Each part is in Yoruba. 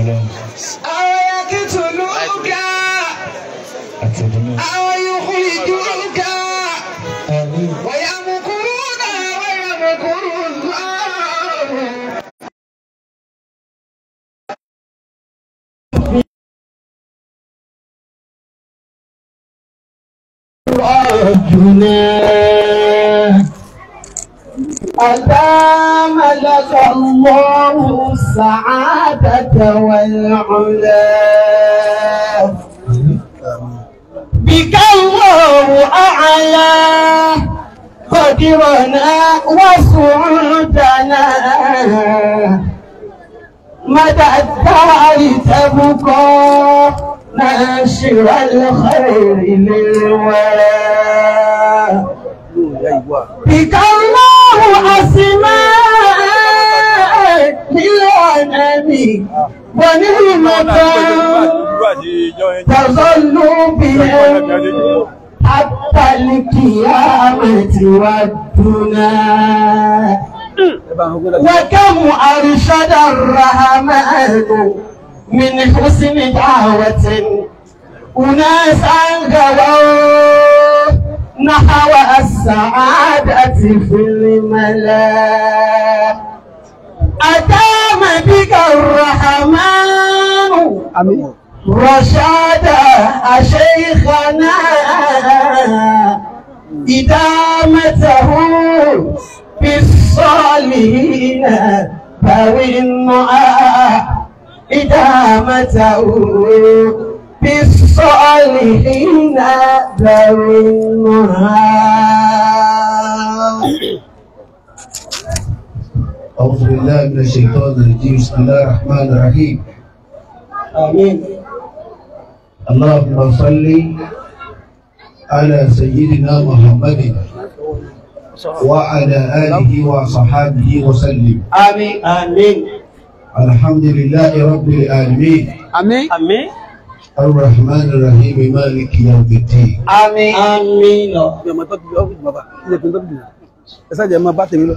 ọlọ́run. àwọn yàtí tòlú ga. àtẹ̀dúnú. àwọn yòókù ìdú ga. wọ̀yà لك الله السعادة والعلا بك الله أعلى قدرنا وسعودنا مدى الدار تبقى ناشر الخير للولا بك بني ونعمة تظل بها حتى القيامة والدنا وكم أرشد الرحمن من حسن دعوة أناسا غووا نحو السعادة في الملاك أتام بك الرحمن رشادا شيخنا إدامته بالصالحين ذوي النعاء إدامته بالصالحين ذوي النعاء أعوذ بالله من الشيطان الرجيم بسم الله الرحمن الرحيم آمين اللهم صل على سيدنا محمد وعلى آله وصحابه وسلم آمين آمين الحمد لله رب العالمين آمين آمين الرحمن الرحيم مالك يوم الدين آمين آمين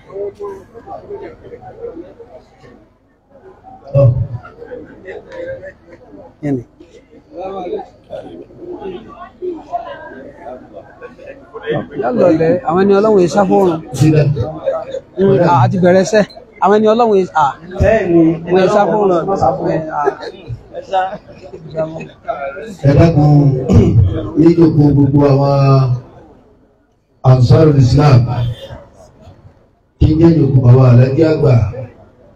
Yani. lọ́lọ́lẹ̀ àwọn ẹni ọlọ́run yìí sáfọ́run àti bẹ̀rẹ̀ sẹ́ àwọn ẹni ọlọ́run yìí à wọ́n yìí sáfọ́run ẹ̀dàkùn ní ìjòkó gbogbo àwọn Ansarul Islam kí ní ìjòkó bàbá àlẹ́gbẹ́ àgbà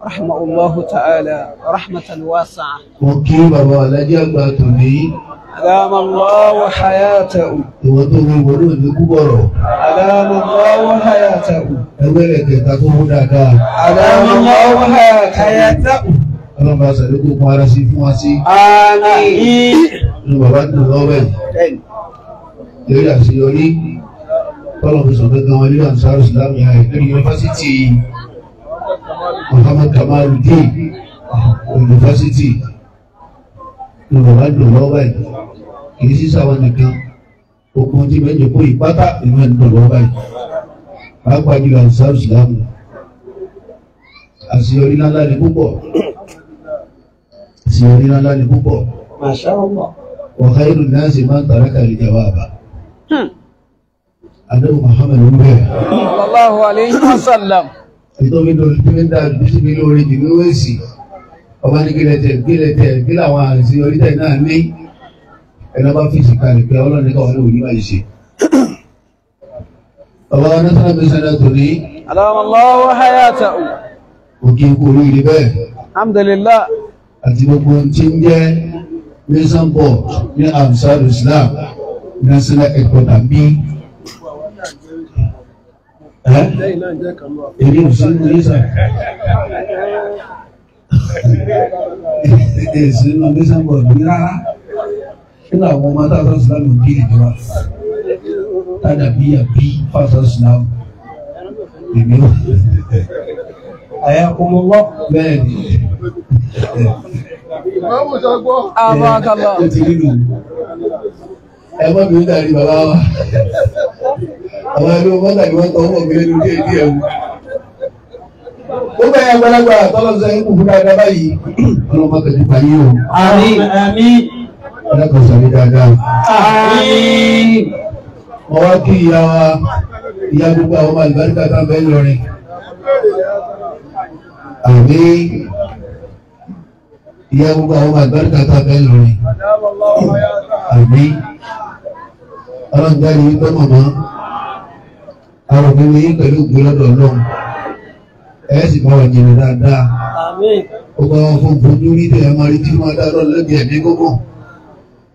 rahimahullahu ta'ala rahmatan wasi'a. mo kí bàbá alájà gba tòní. Adama Allahu hayatahu. Ìwọ tó ní wọlé òní kúbọ̀rọ̀. Adama Allahu hayatahu. Ẹgbẹ́ rẹ̀ kẹta tó mú dáadáa. Adama Allahu hayatahu. Ọlọ́run bá sọ̀rọ̀ kó kún ara sí fún wa sí. Àmín. Ní bàbá tó lọ́wọ́ ẹ̀. Lórí àṣeyọrí, Ọlọ́run sọ̀rọ̀ gan-an ilé àǹsáàrù Ìsìlámù yàrá ìpínlẹ̀ yunifásítì. Muhammad Kamaludeen yunifásitì Yorùbá dùn lọ́wọ́ ẹ̀ kì í sísá wọn nìkan ogun tí mẹ́jọ kó ìpátá ìlú ẹ̀ ń dùn lọ́wọ́ ẹ̀ pàápàá jùlọ àwùsá ìsìlámù àṣeyọrí ńlá ní púpọ̀ àṣeyọrí ńlá ní púpọ̀ wa khairu nasi man taraka li jawaba hmm. adéhùn Muhammad ń bẹ̀rẹ̀. sallallahu alayhi wa sallam nítorí lórí tí wọ́n dá bísí mi lórí jù nínú èsì ọba ní gílẹ̀tẹ̀ gílẹ̀tẹ̀ kí làwọn àrẹ̀sí orílẹ̀ náà ní ẹ̀nà bá fi ìsìnká rẹ̀ pé ọlọ́run nígbà wọn ní báyìí ṣe. ọba wọn náà sábẹ́ sẹ́dá tó ní. aláwọ̀ o. òkè kò rí rí bẹ́ẹ̀. alhamdulillah. àti gbogbo tí ń jẹ́ mason board ní Ele èmi ò sí ní ìsà èsì ní ọdún bọ̀dù ní rárá nínú àwọn ọmọ tá a sọ sílámù bí ìjọba tádà bí àbí fásitì sílámù èmi ò àyàkùnmọ́ wá bẹ́ẹ̀ ni. Àwọn akàlọ́. Ẹ má bínú dàrí bàbá wa àwọn ẹgbẹ́ wọn tàbí wọn tọwọ́ mi lẹ́nu díẹ̀ díẹ̀ o. ó bẹ̀rẹ̀ agbálagbà tọ́lọ́sẹ̀ ń kú fún dáadáa báyìí ọlọ́run má tẹ̀lé pa yín o. àmín àmín. ẹlẹ́kọ̀ọ́ sàrí dáadáa. àmín. mo wá kí ìyá wa ìyá gbogbo àwọn ọmọ àlùbáríkà tá a fẹ́ lọrin. àmín ìyá gbogbo àwọn ọmọ àlùbáríkà tá a fẹ́ lọrin. àmín. ọlọ́run jáde yìí tọ́ mọ̀mọ́ àwọn òbí mi pẹ̀lú ògbó lọ́dọ̀ ọlọ́run ẹ sì bá wọn jìnnà dáadáa ó bá wọn fún bojú rí tẹ̀ ẹ máa rí tí wọ́n dá lọ́dọ̀ lẹ́bi ẹ̀mí gbogbo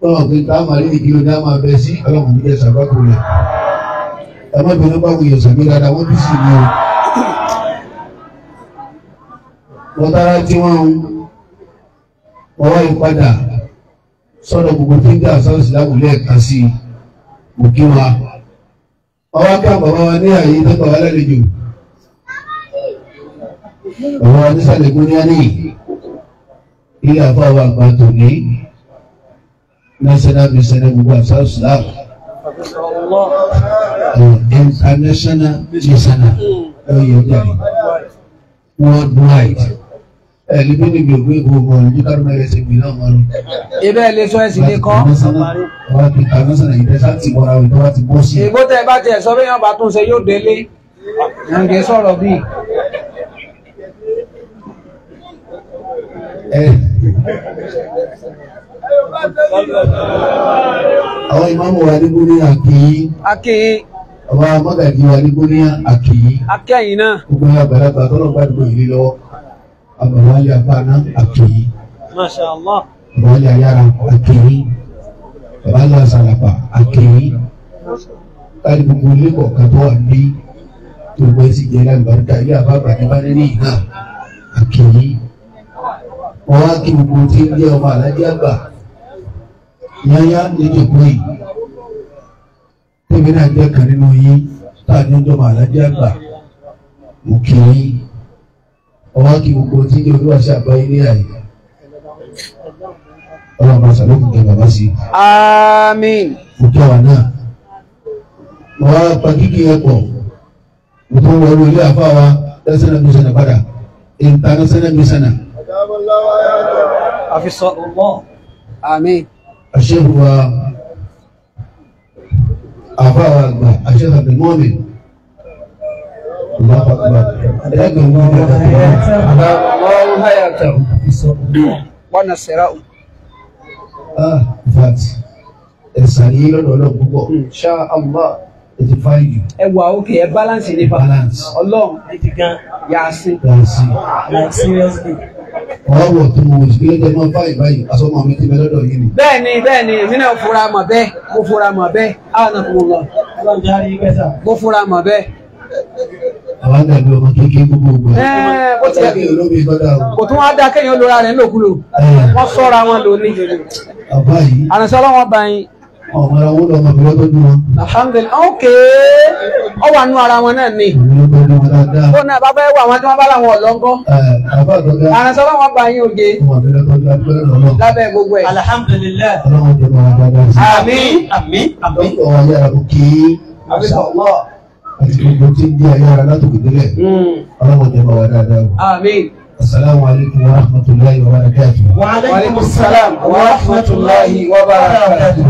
báwọn pé tá a máa rí ìdí oní a máa bẹ sí ọlọ́run mi lẹ́sà bá kò rẹ̀ ẹ má bá wọn yẹ̀sà mi dáadáa wọ́n bí sì ni o. wọ́n tára tí wọ́n wọ́n wáyé padà sọ́dọ̀ gbogbo fíńgà sáwọ́sì láwùlẹ̀ ẹ̀ka sí òkè wa ọwọ́ ká bàbá wa ní àyè tó bàbá lálejò bàbá wa ní sàlẹ̀ gbóníyàní ilé àbáwá àgbà tòní national mission gbogbo àṣà islam international mission ọyọ dàrí worldwide ẹlẹbi ni gbogbo ìbò bọ ní kárọmọ ẹrẹ ṣe gbìyànjú ọmọ rẹ. ibẹ̀ ilé sọ ẹsìn lè kọ. wàá fi kàná sọ̀rọ̀ ìbẹ sáàtì bọra òyìnbó wa ti bọ sí. ìbò tẹ bá tiẹ̀ sọ bẹyàn bá tún ṣe yóò délé àǹkẹ sọ̀rọ̀ bíi. àwọn ìmáàmù wa nígbó ní àkèyí. àkèyí. àwọn amọ́gàdì wa nígbó ní àkèyí. akẹ́yìn náà. gbogbo àgbàlagbà tọ́lọ̀ gbàdúgbò yìí lọ́wọ́ àbàwálé abáná àkèyí Masha Allah àbàwálé ayára àkèyí àbàwálé asàlàpà àkèyí káàdì gbogbo ilé kọ̀ọ̀kan tó wà ní gbogbo ẹsì jẹ́ lágbàdúrà ilé àbábà ní báyìí ní ìhà àkèyí wọ́n á kí gbogbo tí ń jẹ́ ọmọ àlájá àgbà yányá níjòkó yìí tèmi náà jẹ́ kan nínú yín tá a ní ọwọ́ kí gbogbo tí ní olúwa ṣe àgbáyé ní àyè ọlọ́run máa ṣàlékún kẹ bàbá sí i. àmín. mo tọ́ wa náà mo wá pa kíkì yẹn pọ̀ mo tó wọlé ilé àfa wa lẹ́sẹ̀ náà mi sànà padà international mission. àfisọ ọmọ àmín. àṣẹ wa àfa wa àgbà àṣẹ àbẹ̀mọ́mi. Bọ́nà sẹ́ra o. Ah, that ẹ̀sán yìí lọ́dọ̀ ọlọ́run púpọ̀. Ṣá àmọ́ ètò fáìlì. Ẹ wà balance nípa. Balance. Ọlọ́run ẹ ti gan yaasi. Yaasi. Like seriously. Ọ̀rọ̀ tó mo wòye kílódé máa ń báyìí báyìí aṣọ máa mi ti bẹ lọ́dọ̀ yìí ni. Bẹ́ẹ̀ni bẹ́ẹ̀ni èmi náà fura mọ̀ bẹ́ẹ̀ mo fura mọ̀ bẹ́ẹ̀ àwọn náà àwọn dàbí ọmọ kékeré gbogbo ògbà. ó ti yẹ kò tún wá dá kéèyàn lóra rẹ̀ lókùlò wọ́n sọ́ra wọn lò ní. bàbá yìí àrùnsẹ́ ọlọ́wọ́n bá yín. ọmọ ara wọn lọ ọmọ ìwé tó dùn wọn. alhamdulilayi ok ọ wà nù ara wọn náà ni. ó náà bàbá ẹ wà wọn tí wọn bá làwọn ọlọ́ngọ́. àrùnsẹ́ ọlọ́wọ́n bá yín oge. lábẹ́ gbogbo ẹ̀. alhamdulilayi. ọlọ́wọ́n jẹ́ mọ́ àmín àmín àmín. dókítà wa yára kó kí àti gbogbo ń gbé ayára látòkè délẹ̀ hmm. ọlọ́run jẹ́ bá wa dáadáa o. asalaamu alaykum wa rahmatulahi wa barakatu. wa aleykum salaam wa rahmatulahi wa barakatu.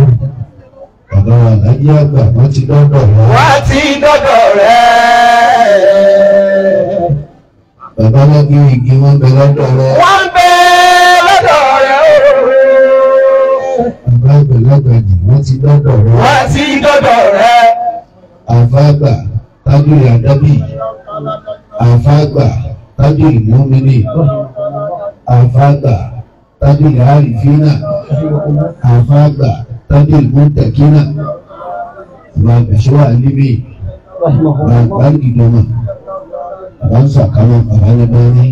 bàbá wa àgbà wọ́n ti dọ́dọ̀ rẹ̀. wọ́n ti dọ́dọ̀ rẹ̀. bàbá wa igi wọn bẹ lọ́dọ̀ rẹ̀. wọ́n bẹ lọ́dọ̀ rẹ̀ bàbá àgbẹ̀ lágbàjì wọ́n ti dọ́dọ̀ rẹ̀. wọ́n ti dọ́dọ̀ rẹ̀. àbábà tábìlì àdábì àfáàgbà tábìlì mọ́mìnì àfáàgbà tábìlì àrífínà àfáàgbà tábìlì mọ́tàkínà bàbàṣọ́ àlímì bàbàgìdọ́mà bàbánsà kánà bàbálẹ́bẹ́rí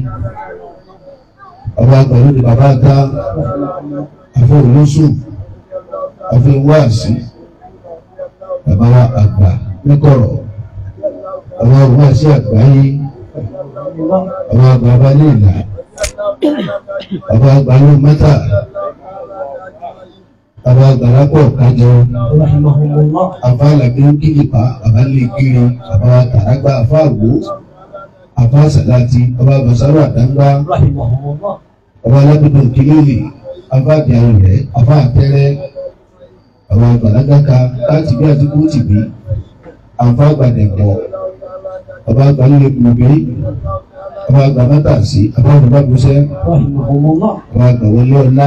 bàbá pẹ̀lú ni bàbá ká àfọwọ́lọ́sùn àfẹ́wọ́ àṣì bàbá àgbà níkọ̀rọ̀ àwọn agbáṣí àgbáyé àwọn bàbá ní ìlà àwọn àgbàlú mẹ́ta àwọn àgbàlápọ̀ kájọ àbá làbí ń kíkìpá àbá lè kiri àbá tàrágbá àbá àwò àbá sàláàtì àbá bàṣáró àdáńgbá àbá alábìdó kìlìlì àbá àdìyàwó rẹ àbá àtẹrẹ àwọn àgbàlágbàka láti bí àti kú tìbí àbá àgbàdẹ̀gbọ̀ bàbá àgbà ní ìpínlẹ̀ obìnrin bàbá àgbà mátàsí bàbá àgbà gbọ́sẹ́ bàbá àgbà wọlé ọ̀la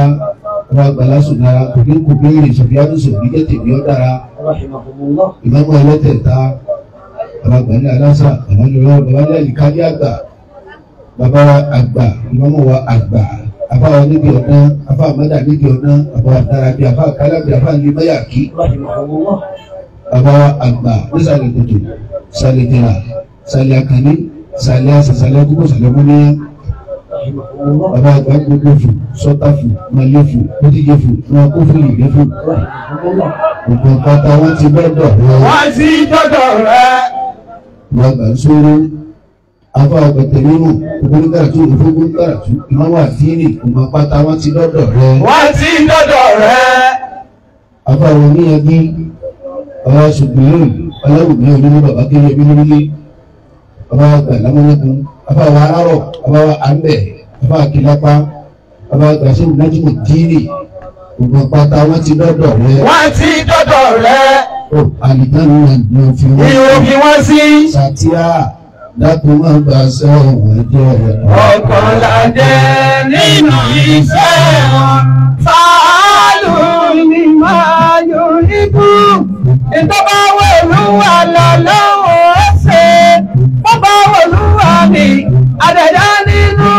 bàbá àgbà lásùn dára kòkè kòkè rè sọ̀bí àdùsọ̀ bí jẹ́ tèmi ọ̀ dára ìmọ̀mọ́ ẹlẹ́tẹ̀ẹ̀ta bàbá àgbà ní alásà bàbá ní ọlọ́run bàbá agba àlìkárí àgbà bàbá àgbà ìmọ̀mọ́ wa àgbà àbá wa níbi ọ̀nà àbá àmọ́dà níbi ọ̀nà àbá àdára bí àbá àkàlà bí àbá ní báyà kí bàbá àgbà sàlẹ̀ àkànní sàlẹ̀ àṣà sàlẹ̀ àgùnbọ̀ sàlẹ̀ múníyà bàbá àgbà gbogbo fò sọ́tà fò malẹ̀ fò kódìgẹ fò wọn kó fò ìgbẹ́ fò gbogbo pátá wọn ti dọ́dọ̀ rẹ. wọ́n ti dọ́dọ̀ rẹ. bàbá sóró afọ àgbẹ̀tẹ̀ nínú ògbóni kàràtú ògbóni kàràtú ìmáwá àdínì ọmọ pátá wọn ti dọ́dọ̀ rẹ. wọ́n ti dọ́dọ̀ rẹ. afọ àwọn oníyanjú ọ̀rọ̀ ṣùgbọ́n ọlọ́run ní bàbá kéré ẹbí bàbá wa gbà lámọ́lẹ́kùn bàbá wa arárọ̀ bàbá wa àmbẹ̀ bàbá wa kìlápá bàbá wa gbàṣẹ́ ìnájìmù díìrì gbogbo ti dọ́dọ̀ rẹ. wọ́n ti dọ́dọ̀ rẹ. o àlìkánu náà ni fi wọ́n sí. ìwò fi wọ́n sí. sàtíà gba iṣẹ́ òun jẹ́ rẹ. ọkàn nínú iṣẹ́ wọn ni màá yọ ibú ìtọ́ba wẹ̀lú wà lọ́lọ́ mi àbẹ̀dá nínú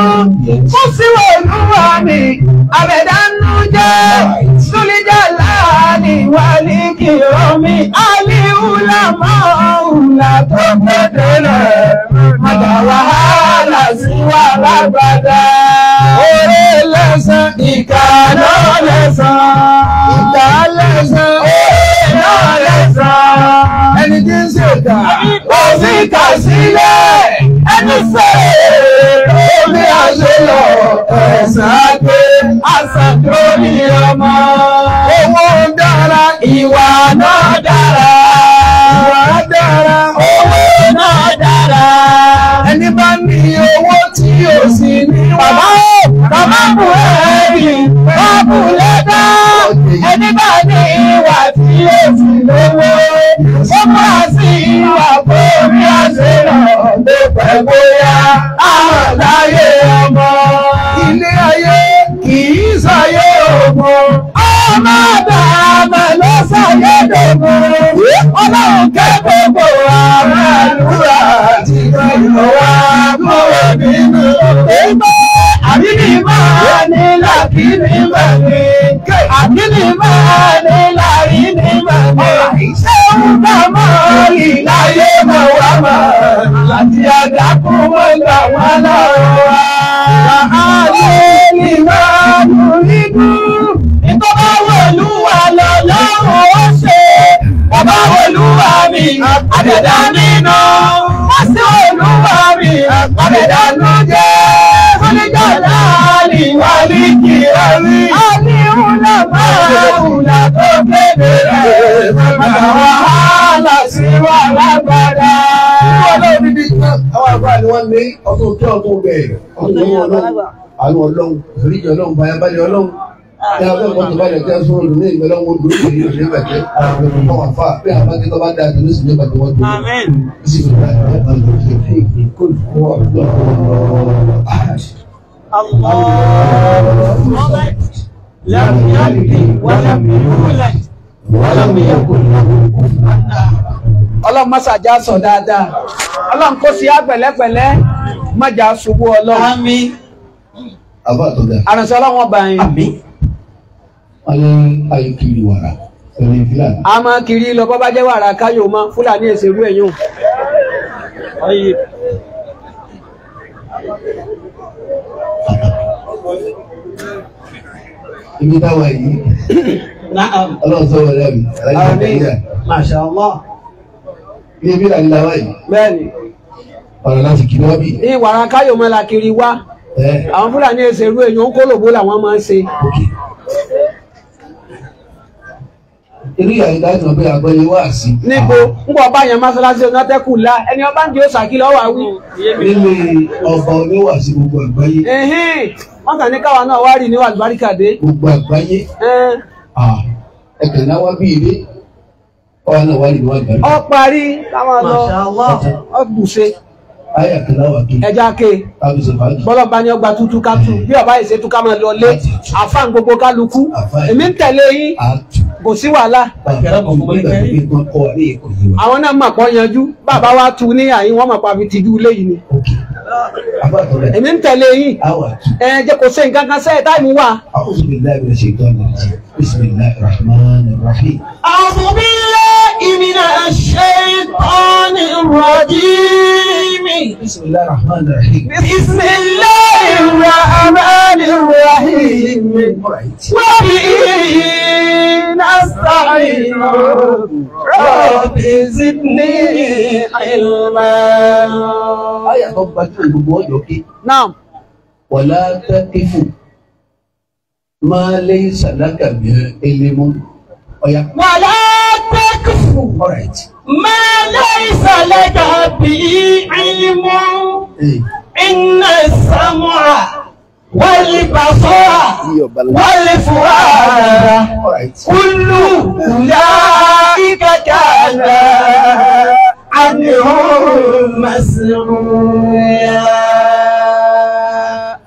kú síwò olúwa mi àbẹ̀dá nínú jẹ́ súlíjà láàánì wálé kì í omi àlìhùlà máa hùlà tó pẹ́ délẹ̀ mọ̀tà wàhálà sí wa lágbàdá. Oore lẹ́sẹ̀ ìkà náà lẹ́sẹ̀ ìkà lẹ́sẹ̀ oore náà lẹ́sẹ̀ ẹni tí ń ṣèkà ó sì kà sílẹ̀ ẹsẹ̀ tó ní àṣeyọ ẹ̀sẹ̀ àgbẹ̀ àṣàjọ ní ọmọ. Owó dára ìwà náà dára. Ìwà dára. Owó náà dára. Ẹni bá ní owó tí ó sì ní wá. Bàbá ò bàbá bù ẹ̀rì bàbù lẹ́dá. Ẹni ìwà tí ó sì lówó. Ó máa bó pẹ́ bóyá àwọn láyé ọmọ ilé ayé kì í sáyé ọmọ ọmọ bàbá ló sáyé dòmọ ọlọ́run kẹ́ gbogbo àwọn àdúrà àti ìlọ wa mọ́ òbí mi ìgbọ́ àbí mi máa ní làkì ní àbí mi máa ní ní màmá iṣẹ́ òǹkà máa lì láyé mọ̀ wá mọ̀ àti àdàkùn wọn gbà wọn lọ́wọ́ wa. Àlè ni máa mú àbẹ̀dá nínú. Wọ́n sí olúwa mi, àbẹ̀dá ló jẹ́. láwùlà tó gbèdè rẹ̀ màmá wàhálà sí wà lágbàdá. Wọ́n náà ní bí àwọn àgbà ni wọ́n ní ọdún tó ọdún bẹ̀ ọdún yẹn ọlọ́run àwọn ọlọ́run oríjì ọlọ́run bayabalẹ̀ ọlọ́run. Ní abẹ́ ìkọ́tù bá jẹ́ sọ́run ní ìgbẹ́ lọ́wọ́ dúró sí ìlú ìlú ìbàjẹ́. Àwọn ọmọ wà fà bí àwọn bá لم يلد ولم يولد ولم يكن له كفوا احد ọlọ́run má ṣàjà sọ dáadáa ọlọ́run kó sí àgbẹ̀lẹ́gbẹ̀lẹ́ má jà ṣubú ọlọ́run. àmín. àbá ọba yẹn. àmín. wọ́n ayé kiri wàrà ẹni fúlàní. a máa kiri lọ bọ́ jẹ́ wàrà káyọ̀ mọ́ fúlàní èsèrú ẹ̀yún. ibi táwa yìí ọlọ́run sọ wọlé mi e ìjà Masha Allah. ní ibi ìlànà ìlànà yìí. bẹ́ẹ̀ni. ọ̀rọ̀ láti kiri wá bí. ìwàrà káyọ̀mọ́lá kiri wá àwọn fúlàní ẹsẹ̀ irú èèyàn kólòbó làwọn ọba ọba gbogbo wọ́n kàn ní káwa náà wá rí níwà àlùbáríkà dé. gbogbo àgbáyé ẹ kàn náà wá bí ilé ọ̀hún náà wá rí níwà àlùbáríkà. ọ parí káwọn lọ ọ bùṣe ẹja ke bọ́lá bá ní ọgbà tuntun ká tu bí ọba yìí ṣe tu ká máa lọ lé àfáàn gbogbo kálukú èmi ń tẹ̀lé yín kò sí wàhálà. àwọn náà mà pọ́ yanjú bàbá wa tu ní àyín wọ́n mà pa fi tijú léyìí ni. èmi ń tẹ̀lé yín ẹ jẹ́ kó sẹ́yìn kankan sẹ́yìn táìmù wà. àwọn òbí mi láì bẹ̀rẹ̀ ṣe ìtọ́jú bismillahir rahmanir rahim. من الشيطان الرجيم بسم الله الرحمن الرحيم بسم الله الرحمن الرحيم وبه نستعين رب زدني علما آية ربك بوجهك نعم ولا تقف ما ليس لك به علم ولا kufru. all right. ma laysa laka bihi ilmun. inna sam'a wal basara wal fu'ada kullu ulaika kana anhu mas'ula.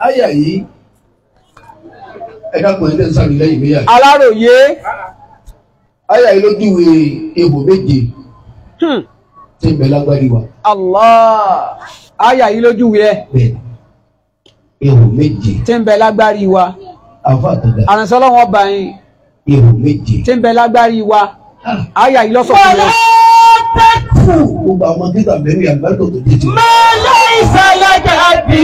àyà yìí ẹ̀ka kò ní lè sàmì lẹ́yìn méyà. aláròye àyà yìí ló júwe egbò hmm. méje tí ń bẹ lágbárí wa. Allah àyà yìí ló júwe ẹ. bẹ́ẹ̀ egbò méje. tí ń bẹ lágbárí wa. àfa àtàdá. àrùnsọ́lọ́wọ́n bá yín. egbò méje. tí ń bẹ lágbárí wa. àyà yìí lọ́sọ̀ fún wa. Gbogbo àwọn títà mẹ́rin àgbàdo tó dé. Mẹ́lẹ́ ìsàlàjà bí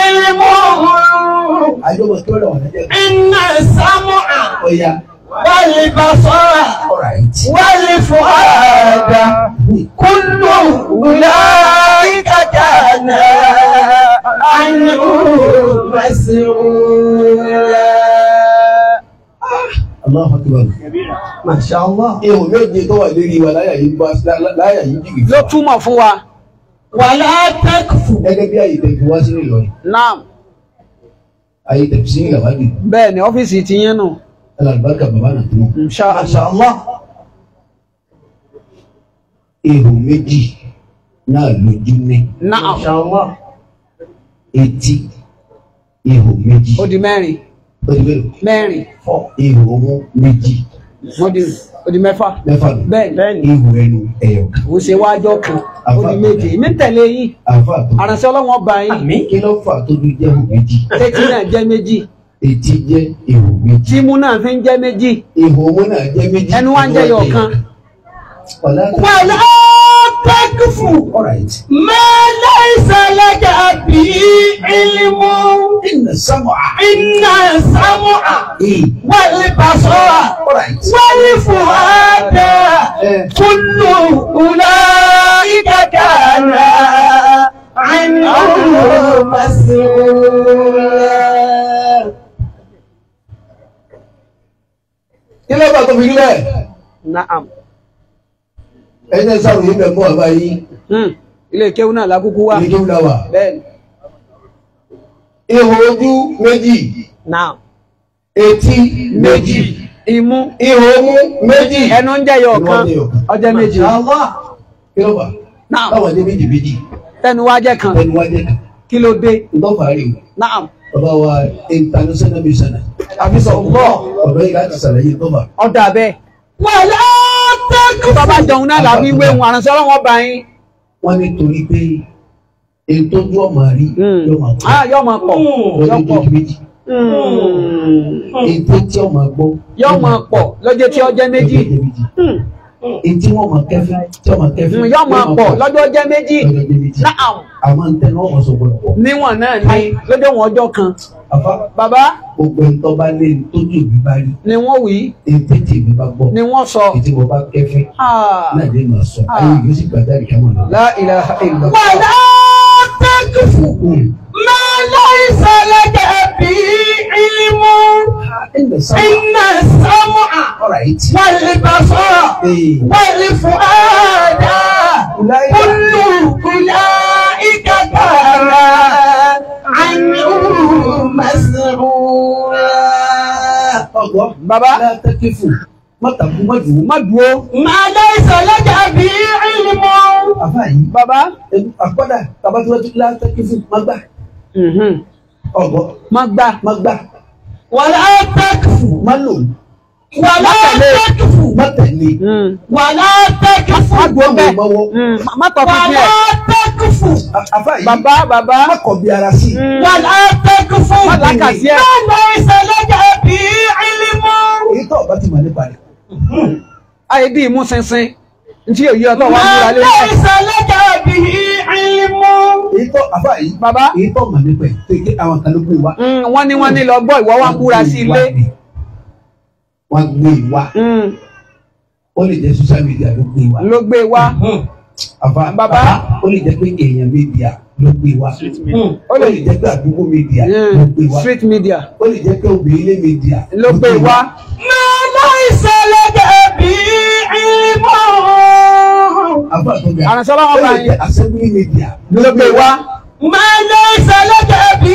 ẹ̀rìn mọ́. Àyọ̀wọ̀ tó rẹ̀ wà lẹ́jẹ̀. Iná sámúà. Ọ̀ya wali basara kullu ulaika kana anhu mas'ula. Allahu akbar. Masha Allah. Ihò méje tó wà lórí wa láyà yìí bá láyà yìí jìgì. Ló túmọ̀ fún wa. Wàlá tẹ́kùfù. Gẹ́gẹ́ bí àyè tẹ̀kù wá sínú Ìlọrin. Naam. Àyè tẹ̀kù sí ìyàwó àgbè. ọ́fíìsì ti yín nù alalibarika baba na tunu. inshallah ihò méjì náà lójú ní. inshallah etí ihò méjì. ó di mẹ́rin. ó di mẹ́rin. mẹ́rin. fọ ihò wọn méjì. wọ́n di ó di mẹ́fà. mẹ́fà ló bẹ́ẹ̀ bẹ́ẹ̀ ni. ihò ẹnu ẹ̀yọ̀ kan. kò ṣe wájọ́ kan ó di méje mi ń tẹ̀lé yín. àfa àtọ́. àránṣẹ́ ọlọ́wọ́n ba yín. àmì kí ló fà tó dún jẹ́ ihò méjì. tẹ́tí náà jẹ́ méjì etí jẹ́ ihò méjì. tímú náà fi ń jẹ́ méjì. ihò mú náà jẹ́ méjì. ẹnu wa ń jẹ́ yọ̀ kan. wàlá tẹ́kùfù mẹ́lẹ́ ìsàlẹ̀ kàbí ìlímù. iná sámúà. iná sámúà. wálé basọ́à. wálé fùhádà. kúlù kúlà ìkàkàrà. àìní ọ̀rọ̀ màsíwò. kí ló bá tó fi rí naam. ẹni ẹ sáré yìí bẹ mú àbá yìí. Hmm. ilé kéwù náà lákúkú wà. ilé kéwù náà wà. bẹ́ẹ̀ni. ihò ojú méjì. naam. etí méjì. imú. ihò imú méjì. ẹnu ń jẹyọ kan ọjọ́ méjì. kí ló wà. naam. báwo ni méjì méjì. tẹnu kan. tẹnu kan. kí ló dé. ǹdọ́fà rí o. naam bàbá wa international missioner. àfisọ̀ ọ̀gbọ́. ọ̀rọ̀ yìí láti ṣàlàyé tó bá. ọ̀dà bẹ́ẹ̀. wàhálà tẹ́kù. bàbá jọ̀hún náà làbí wé wọn àránṣẹ́ ọlọ́wọ́n bá yín. wọ́n ní torí pé ètò ojú ọmọ rí hmm. yóò máa pọ̀. Ah, yóò máa pọ̀. Hmm. wọ́n ní ètò hmm. tí ọmọ gbọ́. yóò máa pọ̀ lọ́jọ́ tí ọjọ́ méjì etí wọn mọ kẹfí tí wọn mọ kẹfí. yóò máa pọ̀ lọ́jọ́ jẹ́ méjì náà. àwọn ntẹnu ọmọ sọ gbọ́dọ̀. níwọ̀n náà ni lọ́jọ́ wọn ọjọ́ kan. bàbá. gbogbo ìtọ́ bá lé tójú mi bá rí. ni wọ́n wí. etí tí mi bá gbọ́. ni wọ́n sọ. etí wọn bá kẹfí. Ah. náà lè máa sọ. Ah. ayé yóò sì gbàdá rí kámọ̀ náà. la ilaha illallah. wàlá tẹ́kùfù máa mm. láì sọ lẹ́kẹ̀ẹ́ bí ilé Inna السمع إن السمع All right. والبصر hey. والفؤاد كل أولئك كان عنه مسؤولا ọgbọ baba látẹkẹfù mọtàkùn mọjú mọdúró. màá ìsọlá jàbí ìlímọ. àbá yìí baba àkọ́dà tabatiwájú látẹkẹfù má gbà. Mm-hmm. ọgbọ má gbà má gbà wàlá tẹ́kìfù má lò wàlá tẹ́kìfù má tẹ̀lé wàlá tẹ́kìfù bẹ́ẹ̀ wàlá tẹ́kìfù bàbá bàbá wàlá tẹ́kìfù bẹ́ẹ̀ lọ ìṣẹ̀lẹ̀jà bí ìlímọ̀. èyí tó o bá ti mọ̀ nípa rẹ̀. Hmm. ayé bí imú sínsín ntí òye ọtọ wa ń múra lé. wàlá ìṣẹ̀lẹ̀jà bí ìtọ́ àbá yìí bàbá ìtọ́ mà nípa ẹ̀ tó ike àwọn kan ló gbé wa. Mm, wọ́n ní wọ́n ní lọ gbọ́ ìwọ wa kúra sí ilé. wọ́n gbé wa mm. ó lè jẹ́ social media ló gbé wa. ló gbé wa. Mm-hmm. àbá bàbá ó lè jẹ́ pé èèyàn media ló gbé wa. Mm. ó lè jẹ́ pé àdúgbò media ló gbé wa. street media. ó lè jẹ́ pé obìnrin media ló gbé wa. mẹ́lá ìṣẹ̀lẹ̀ dẹ̀. àbúrò àrànṣọ́lá wọn bá yín. assembly media. ló gbé wá. máa ń lé ìsẹ̀lẹ̀dẹ̀ bí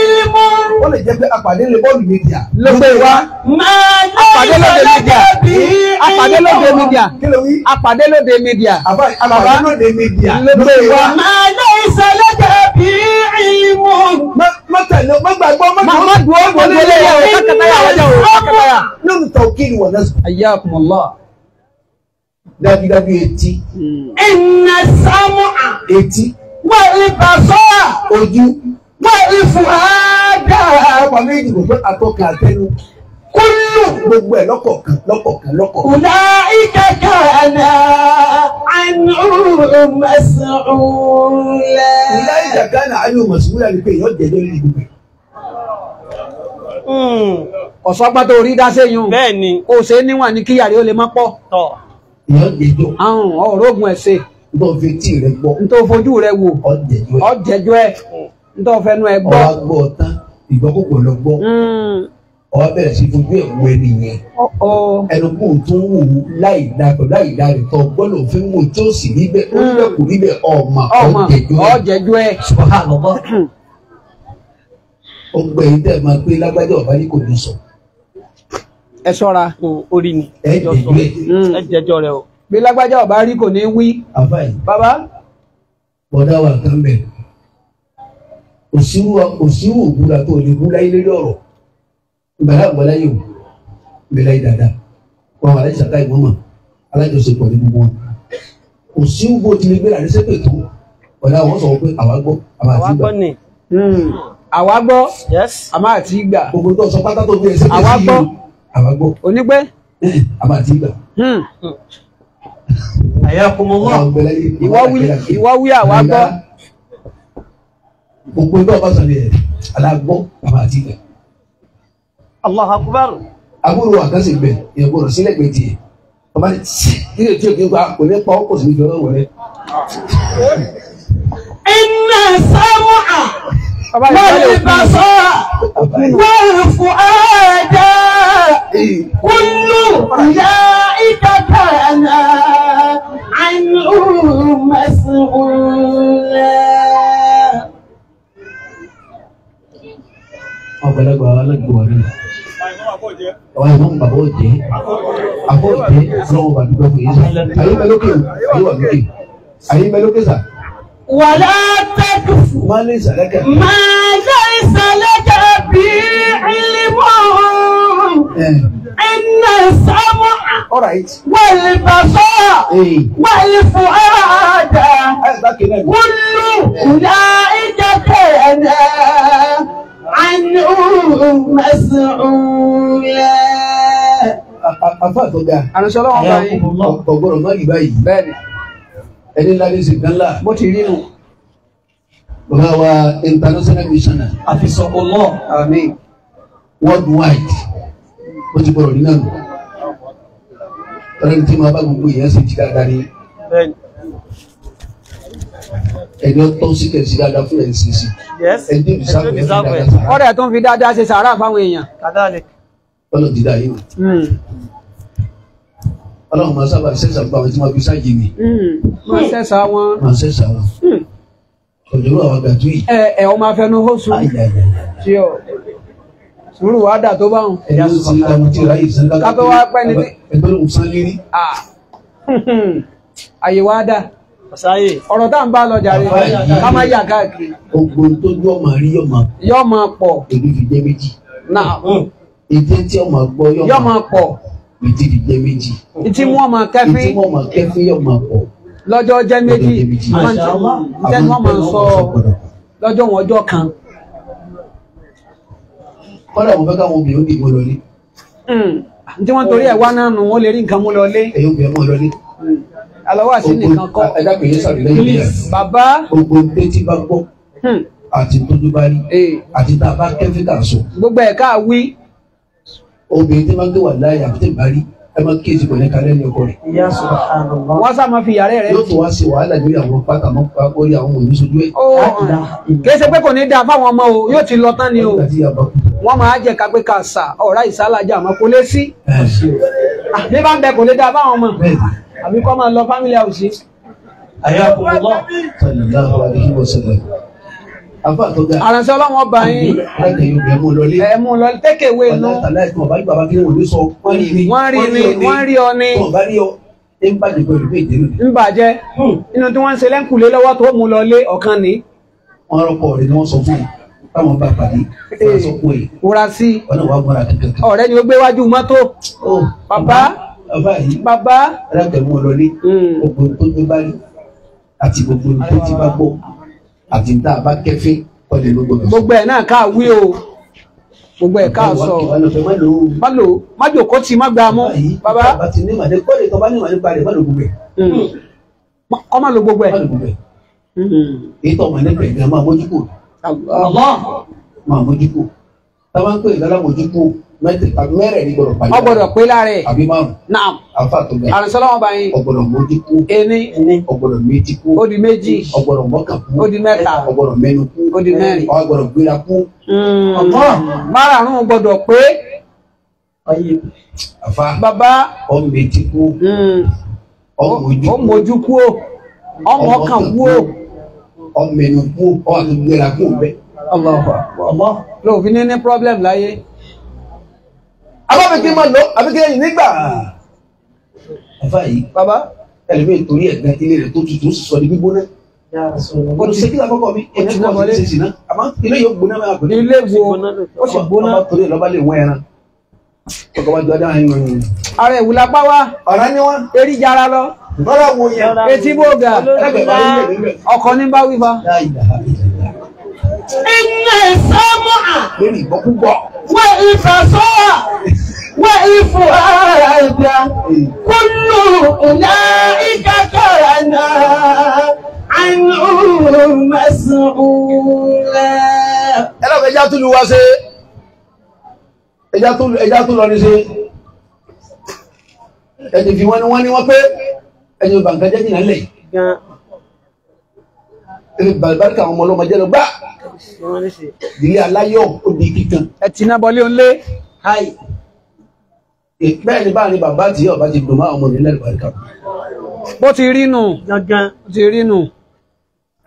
ìlímù. wọ́n lè jẹ́ pé apàdé lè bọ́ọ̀lù media. ló gbé wá. máa ń lé ìsẹ̀lẹ̀dẹ̀ bí ìlímù. apàdé lóde media. kí ló wí. apàdé lóde media. apàdé lóde media. ló gbé wá. máa ń lé ìsẹ̀lẹ̀dẹ̀ bí ìlímù. má tẹ̀lé má gbàgbọ́ má dùn. má dùn ó wọlé yẹ o kákàtà yà wọlé o kákàtà yà. lórí tàwọn kí ni wọlé sùn. ayé àkùnmọ̀lá dájúdájú etí. ìnà sámúà. etí. wọ́n rí bàṣọ́à. ojú. wọ́n rí fúhádà. àwọn méjì kò fẹ́ àtọ́ka àtẹnu. kúlù. gbogbo ẹ̀ lọ́kọ̀ọ̀kan lọ́kọ̀ọ̀kan lọ́kọ̀ọ̀kan. kùnà ìkẹ́kẹ́ àná ànúrù mẹ́sàn-án-lẹ̀. kùnà ìkẹ́kẹ́ àná ànúrù mẹ́sàn-án-lẹ̀ ni pé èèyàn jẹ́ lórí ìdúgbò hmm. ọ̀sọ́gbá tó rí dá séyún bẹ́ẹ̀ ni O. ṣe níwọ̀n ní kíyàrí ó lè mọ́ pọ̀ ìyá jẹjọ. àrùn ọ̀rọ̀ ogun ẹ̀ ṣe. n tó fi tí rẹ gbọ́. n tó fojú rẹ wò. ọjẹjọ ẹ. n tó fẹnu ẹ gbọ́. ọwọ́ gbọ́ tán ìgbọ́kùnkùn lọ gbọ́. Hmm. ọwọ́ bẹ̀rẹ̀ sí fojú ẹ̀ wọ ẹni yẹn. ẹnu kò tún wù ú láì dàpọ̀ láì dàrẹ̀ tọ́ gbọ́dọ̀ fi ń wò tí ó sì níbẹ̀ ó níbẹ̀ kò níbẹ̀ ọmọ ọjẹjọ ẹ. ọmọ ọjẹjọ ẹ ẹ ṣọ́ra kò orí ni ẹ jẹjọ rẹ o. bí lágbájá ọba rí kò ní wí. bàbá. bọ́dá wa kan bẹ̀ òsínwó òbúra tó lè bú láyé lórí ọ̀rọ̀ gbàrà gbọ́dá yìí o bẹ̀rẹ̀ láyé dáadáa wọn wà láyé sàkáì wọn mọ̀ alájọṣepọ̀ ní gbogbo wọn òsínwó tilẹ̀ gbéra ní sẹ́pẹ̀ tó ọ̀dà wọn sọ pé àwa gbọ́ àwa àti gbà hmm. àwa gbọ́ àmà àti gbà gbogbo tó sọ pátá tó bí ẹsẹ̀ kẹsì yìí àbágbọ́. onígbẹ́. àbàtì eh, gbà. àyà kọmọ wọn. ìwọ wí àwa gbọ́. gbogbo ìgbà ọba sọ̀rọ̀ yẹn alágbọ́ àbàtì gbà. Allahu Akbar. agbóhùn àkànṣe gbẹ ìyẹn gbọ́dọ̀ sílẹ̀ gbẹ tiẹ̀ ọba ní ètò ìgbẹ́ gba kò ní pa ọkọ̀ sí ìjọba wọlé. iná sáwọ́ à. والبصر والفؤاد كل أولئك كان عنه مسؤولا ọ̀pọ̀lọpọ̀ alágbèwà rẹ̀ àwọn ìmọ̀ ń bàbá òde àbọ̀ òde ọlọ́wọ́ wà dúpẹ́ ayé mẹ́lókè ayé wà lókè ayé mẹ́lókè sà wàlá tẹ́kùfù. má lè sàlẹ́kẹ̀. má lè sàlẹ́kẹ̀ bí ìlímọ̀ iná sámú. wàlí bàbá wàlí fúadà kúlù kùlà ìjọkẹ́ ẹ̀dá ànú mẹ́sàn-án afọ àtọ́jà. àrùn sọlọ́wọ́n báyìí. ọ̀gbọ́dọ̀ má rí báyìí. bẹ́ẹ̀ ni ẹni ńlá ní sì gánlá. bó ti rí nù. bàbá wa international missioner. àfisọ ọlọ àmì. world wide ó ti bọ̀rọ̀ nínú àná. ọlọ́run tí mo bá gbogbo ìyẹn sì ti dáadáa ní. ẹni ọtọ sí kẹsì dáadáa fún ẹni sísì. ẹni tó dìsáfẹ́ ẹni tó dáadáa sàrà. ọ̀rẹ́ tó ń fi dáadáa ṣe sàrà fáwọn èèyàn. ọlọ́run ti dá ọlọ́run máa sábà sẹ́sà gbọ́ àwọn tí wọ́n fi sáàjì mi. Hmm. máa sẹ́sà wọn. máa sẹ́sà wọn. òjòrò àwọn gàdú hmm. yìí. ẹ ẹ ọmọ afẹnu hóṣù. tí o sùúrù wàá dà tó bá wọn. ẹni tó ti ẹni tí ráyè sí ká tó wá pẹ́ ni. ẹgbẹ́ ló ń san lérí. àyè wàá dà ọ̀rọ̀ tá à ń bá lọ jàre ká má yà káàkiri. ogun tó ní ọmọ rí yọmọ. yọmọ pọ̀. èmi fi dé méjì. náà. ètè tí ọmọ gbọ́ mi ti di jẹ méjì. ìtí wọn máa kẹfí ìtí wọn máa kẹfí yóò máa pọ̀. lọ́jọ́ jẹ́ méjì ìtẹ́ni wọn máa sọ lọ́jọ́ wọn ọjọ́ kan. kọ́lá wọn fẹ́ káwọn obìnrin ó dìbò lọlé. ǹjẹ́ hmm. wọ́n torí ẹ̀ wá náà nù wọ́n lè rí nǹkan mú lọlé. ẹ̀yin obìnrin mọ́ lọlé alawa sí nìkan kọ bàbá gbogbo etí bá gbọ́ hmm. àti tójú bá rí eh. àti tá a bá kẹfí kà so. gbogbo ẹ̀ ká wí obìnrin tí máa ń gbé wà láyé àfi tẹ̀ bá rí ẹ máa kíyèsí kò ní kalẹ́ ní ọkọ rẹ̀. wọ́n sá máa fi yàrá rẹ̀. yóò tún wá sí wàhálà lórí àwọn pátá mọ́ orí àwọn òní sojú ẹ̀. Oh. kìí ṣe pé kò ní dáa fáwọn ọmọ o yóò ti lọ tán ni o wọ́n máa jẹ́ ká pé ká sà ọ̀rá ìsálájà àmọ́ kò lé sí. Ah, bí bá ń bẹ kò lè dáa fáwọn ọmọ àbí kọ́ máa lọ family house. àyà kò lọ́ sọ̀rọ̀ àránṣẹ́ ọlọ́run ọba yín ẹ mú lọ tẹ́kẹ̀ wé inú wọ́n rí ni wọ́n rí ọ ni ń bàjẹ́ hmm. inú tí wọ́n ń ṣe lẹ́ńkùlé lọ́wọ́ tó mú lọ lé ọ̀kan ni. wọ́n rọ́pò rẹ̀ ni wọ́n sọ fún mi táwọn bá pàdé wọ́n sọ pé wúra sí ọ̀rẹ́ ni ó gbé wájú mọ́tò oh, bàbá bàbá alágbẹ̀mọ́ lọlé hmm. gbogbo tó gbé bá rí àti gbogbo tó ti bá gbọ́ àti tá a bá kẹ́fín ọ̀dẹ̀ ló gbọdọ̀ sọ. gbogbo ẹ̀ náà ká wí o gbogbo ẹ̀ ká sọ malo lò má jòkó tí má gbà mú bàbá. bàbá ti ní màdé kọ́lé tó bá ní màdé parí má lò gbogbo ẹ̀. Hmm. kọ́ má lò gbogbo ẹ̀. má lò gbogbo ẹ̀. Hmm. máa mójúkò. máa mójúkò. táwọn pè é lọ́la mójúkò mẹtiri mẹrẹ ni gbọ́dọ̀ pàdé. ọgbọ́dọ̀ pé lára ẹ. àbí márùn. naam. àfa tó bẹ. àrùnsọ́lọ́wọ́ bá yín. ọgbọ́dọ̀ mojú kú. ení. ọgbọ́dọ̀ méjì kú. ó di méjì. ọgbọ́dọ̀ mọ́kà kú. ó di mẹ́ta. ọgbọ́dọ̀ mẹ́nu kú. ó di mẹ́rin. ọgbọ́dọ̀ gbéra kú. ọmọ hmm. márùn-ún gbọ́dọ̀ pé. àfa. baba. o méjì kú. ọmọ hmm. mojú kú. ọmọ kan kú. ọmọ mẹ́nu kú. ọmọ gbéra kú o ọlọ́wọ́ lóòfin ní ní problem láyé abáfẹ́ kí n máa lọ àbí kí ẹ̀yìn nígbà. Ah. àfa yìí bàbá ẹlẹ́mìí torí ẹ̀gbẹ́ ilé rẹ̀ tó tutù ó sì sọ ní gbígbóná. kò tún ṣe kí àkọ́kọ́ mi ẹ̀ tí wọ́n ti ṣe sí àmọ́ ilé yóò gbóná máa pè é. ilé wo ó sì gbóná. ọba torí ẹ̀ lọ́ba lè wọ́n ẹran. ọkọ̀ wájú adá ń yan. ara ìwúlá pa wá. ọ̀rá ni wọ́n. eré jara lọ. bọ́lá wo yẹn. etí bóga ọkọ̀ ní bá wí fa. Iná ìsámọ́ à. Lórí ìgbọ́kúgbọ́. Wẹ́ ìfàsọ́ à. Wẹ́ ìfò ara ìgbà. Kúlù ọ̀nà ìkàkọ̀rà náà. Àìní òun mẹ́sàn-án òwúrẹ́. Ẹ lọ́kọ̀ ẹja tó lu wá ṣe. Ẹja tó lọ ní ṣe. Ẹ̀jẹ̀ fi wọ́n ni wọ́n ní wọ́n pé ẹ̀jẹ̀ bàǹkà jẹ́ jìnnà lẹ̀. Ẹ̀jẹ̀ bàǹkà àwọn ọmọ ọlọ́mọ jẹ́ lọ gbá ìdílé aláyọ̀ ó di kíkan. ẹ ti ná bọlé onlé. ayi bẹ́ẹ̀ ni báyìí bàbá àti ọba ti dùn máa ọmọ ìlú lẹ́ẹ̀kọ́ bó ti rí nù gangan bó ti rí nù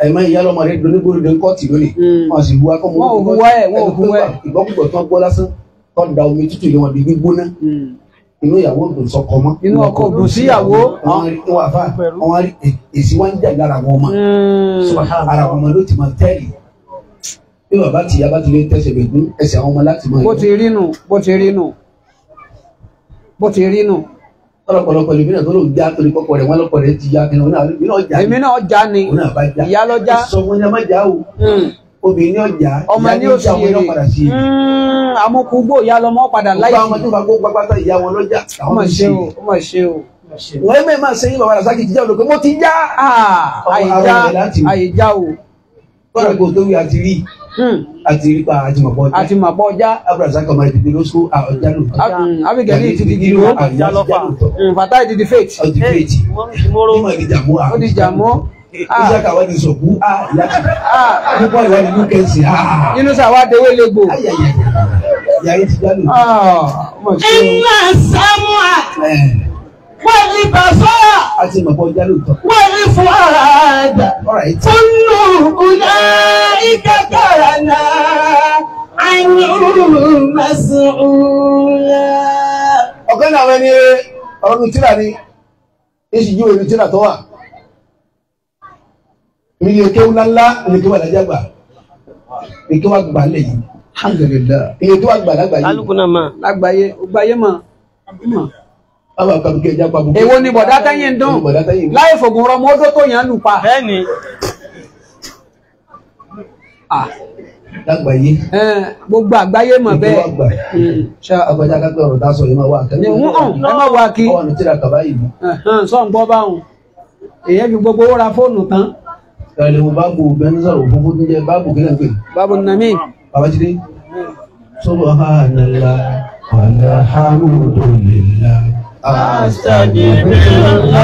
ẹ̀mọ́ ìyá lọ́mọ rẹ̀ lónígbòròdó kọ́ọ̀tì lónìí hmm. wọn sì wá kọ́ mọ́ wọn ò wá ẹ̀ wọn ò wá ẹ̀ ìgbọ́kùgbọ̀ tán gbọ́ lásán tó da omi tútù lé wọn di gbígbóná hmm. inú ìyàwó òdùn sọkọ mọ́ inú ọkọ òdùn síyàwó wọn rí èsì wọn ń jà lára wọn mọ́ hmm. ara wọn mọ́ ló ti máa tẹ́lẹ̀ bí bàbá àti ìyá bá ti lè tẹsẹ̀ gbẹ̀gún ẹsẹ̀ àwọn ọmọ láti mọ. bó ti rí nù bó ti rí nù bó ti rí nù. ọlọpọlọpọ lèmi náà tó ń já torí kọkọ rẹ wọn lọkọ rẹ ti ya mi náà èmi náà já ni èmi náà já ni ìyá lọ já sọ wọn ya má já o hmm. obìnrin ọjà ọmọ ní oṣù yèrè amúkúgbò ìyá lọmọ padà láì sí. ọba ọmọ tó bá gbogbo pátá ìyá wọn lọjà. ọmọ ṣe o ọmọ ṣe o wọ́n mẹ́ẹ̀ máa ṣe yín bàbá rasaki jíjà olùkọ́ mo ti já ah, àìjá kọ́ra kó tó wí àti rí àti hmm. rí pa àti mọ̀pọ̀ ọjà àti mọ̀pọ̀ ọjà abúlàsá kọ̀ọ̀mà ìdìbò ló sún ọjà lò. abigẹ̀lì ti di gírò ọjà lọ́fà fata ti di fèètì. ọjà fèètì ìmọ̀ ìdìjàmọ́ àwọn. ó di jàmọ́ isaka wa ni sọkú ah. púpọ̀ ìwà ni lukẹ́sì. inú sà ah, wá dewé légbò. yàrá ti dá lò wọ́n ní bàbá. a ti mọ̀ bọ́ jálù tán. wọ́n ní fún àdá. kúnnù kúnlá ìkàkàrà náà àyùn màsùlùmá. ọ̀gá náà wọ́n ní ọ̀run tíra ni èsì yíwò ìlú tíra tó wà. mi lè kéwù ńláńlá lè kéwù àdájá gbà lè kéwù àgbà lẹ́yìn. alhamdulilayi. iye tó àgbà lágbàáyé. alukuna ma. lágbàáyé ó gbàáyé ma àwọn àkàbùkẹ́ ẹja pa gbogbo. èwo ni bọ̀dá táyé ń dán láì fògùn rọmọ ọdún tó yàn án lù pa. bẹ́ẹ̀ni. lágbàáyé. gbogbo àgbáyé mọ̀ bẹ́ẹ̀. ìgbó àgbà ṣá àgbàjá kápẹ́ ọ̀rọ̀ dá sọ yìí máa wà kẹ́lẹ́. ẹ má wá kí. ọ̀nà tíra kàbá yìí. sọ ń gbọ́ báwọn èèyàn fi gbogbo owó ra fóònù tán. ẹ̀rẹ̀ mo báàbù bẹ́ẹ̀ sọ̀rọ̀ tó jẹ́ báàbù kílẹ̀ pé. báàbù nàmí. bàbá jídé. subhanallah walhamdulillah. Astaghfirullah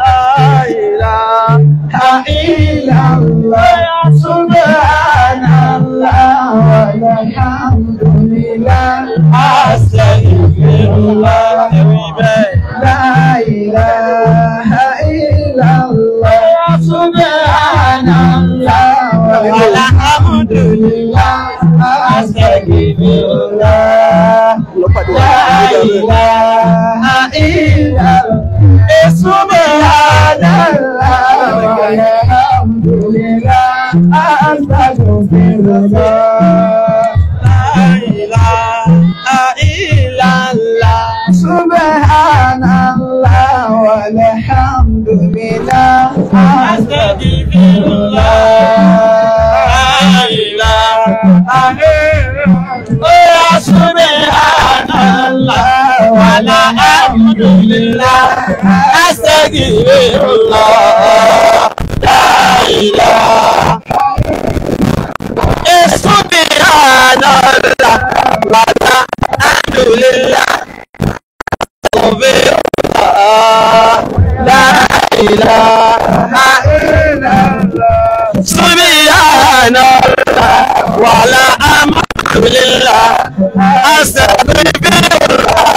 la ilaha illallah subhanallah walhamdulillah Astaghfirullah la ilaha illallah subhanallah walhamdulillah Astaghfirullah la ilaha سبحان الله والحمد لله أستغفر الله لا إله إلا الله سبحان الله والحمد لله أستغفر الله لا إله إلا الله سبحان الله wàlá àmúdùlélá àṣẹgìrìlá láìlá. Èso mi àná la wàlá àmúdùlélá àṣẹgìrìlá láìlá. Subhana Allah wala amdulillah astaghfirullah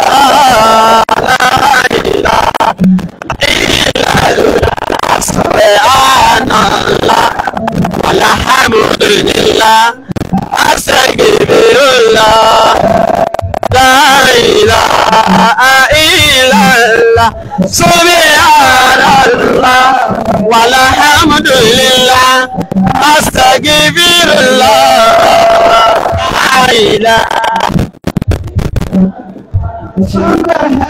سبحان الله والحمد لله أستغفر الله لا إله إلا الله سبحان الله والحمد لله أستغفر الله لا إله alhamdulillah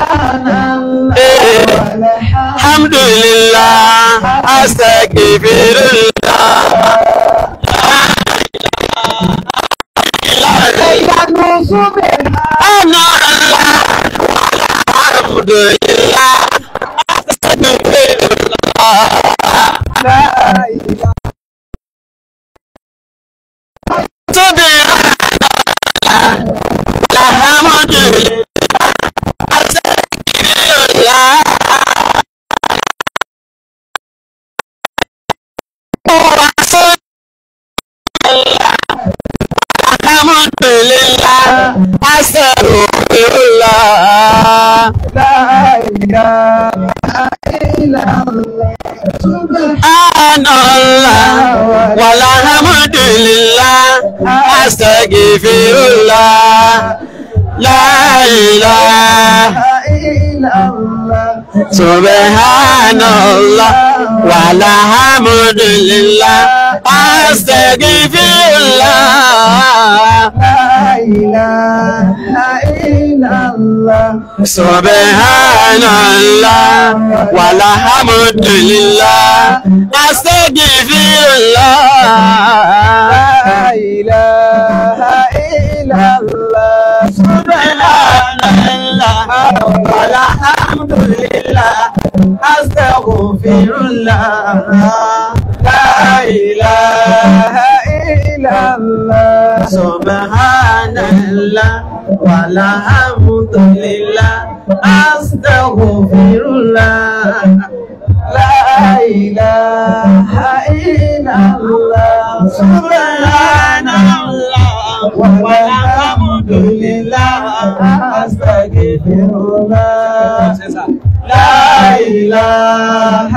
astaghfirullah ana alhamdulillah astaghfirullah. Astaghfirullah. La ilaha illallah. Subhanallah. Walhamdulillah. Astaghfirullah. La ilaha illallah. سبحان الله ولا حمد لله أستغفر الله لا إله إلا الله سبحان الله ولا حمد لله أستغفر الله لا إله إلا الله سبحان الله ولا لله أستغفر الله لا إله إلا الله سبحان الله ولا حمد لله أستغفر الله لا إله إلا الله سبحان الله ولا حمد لله أستغفر الله لا إله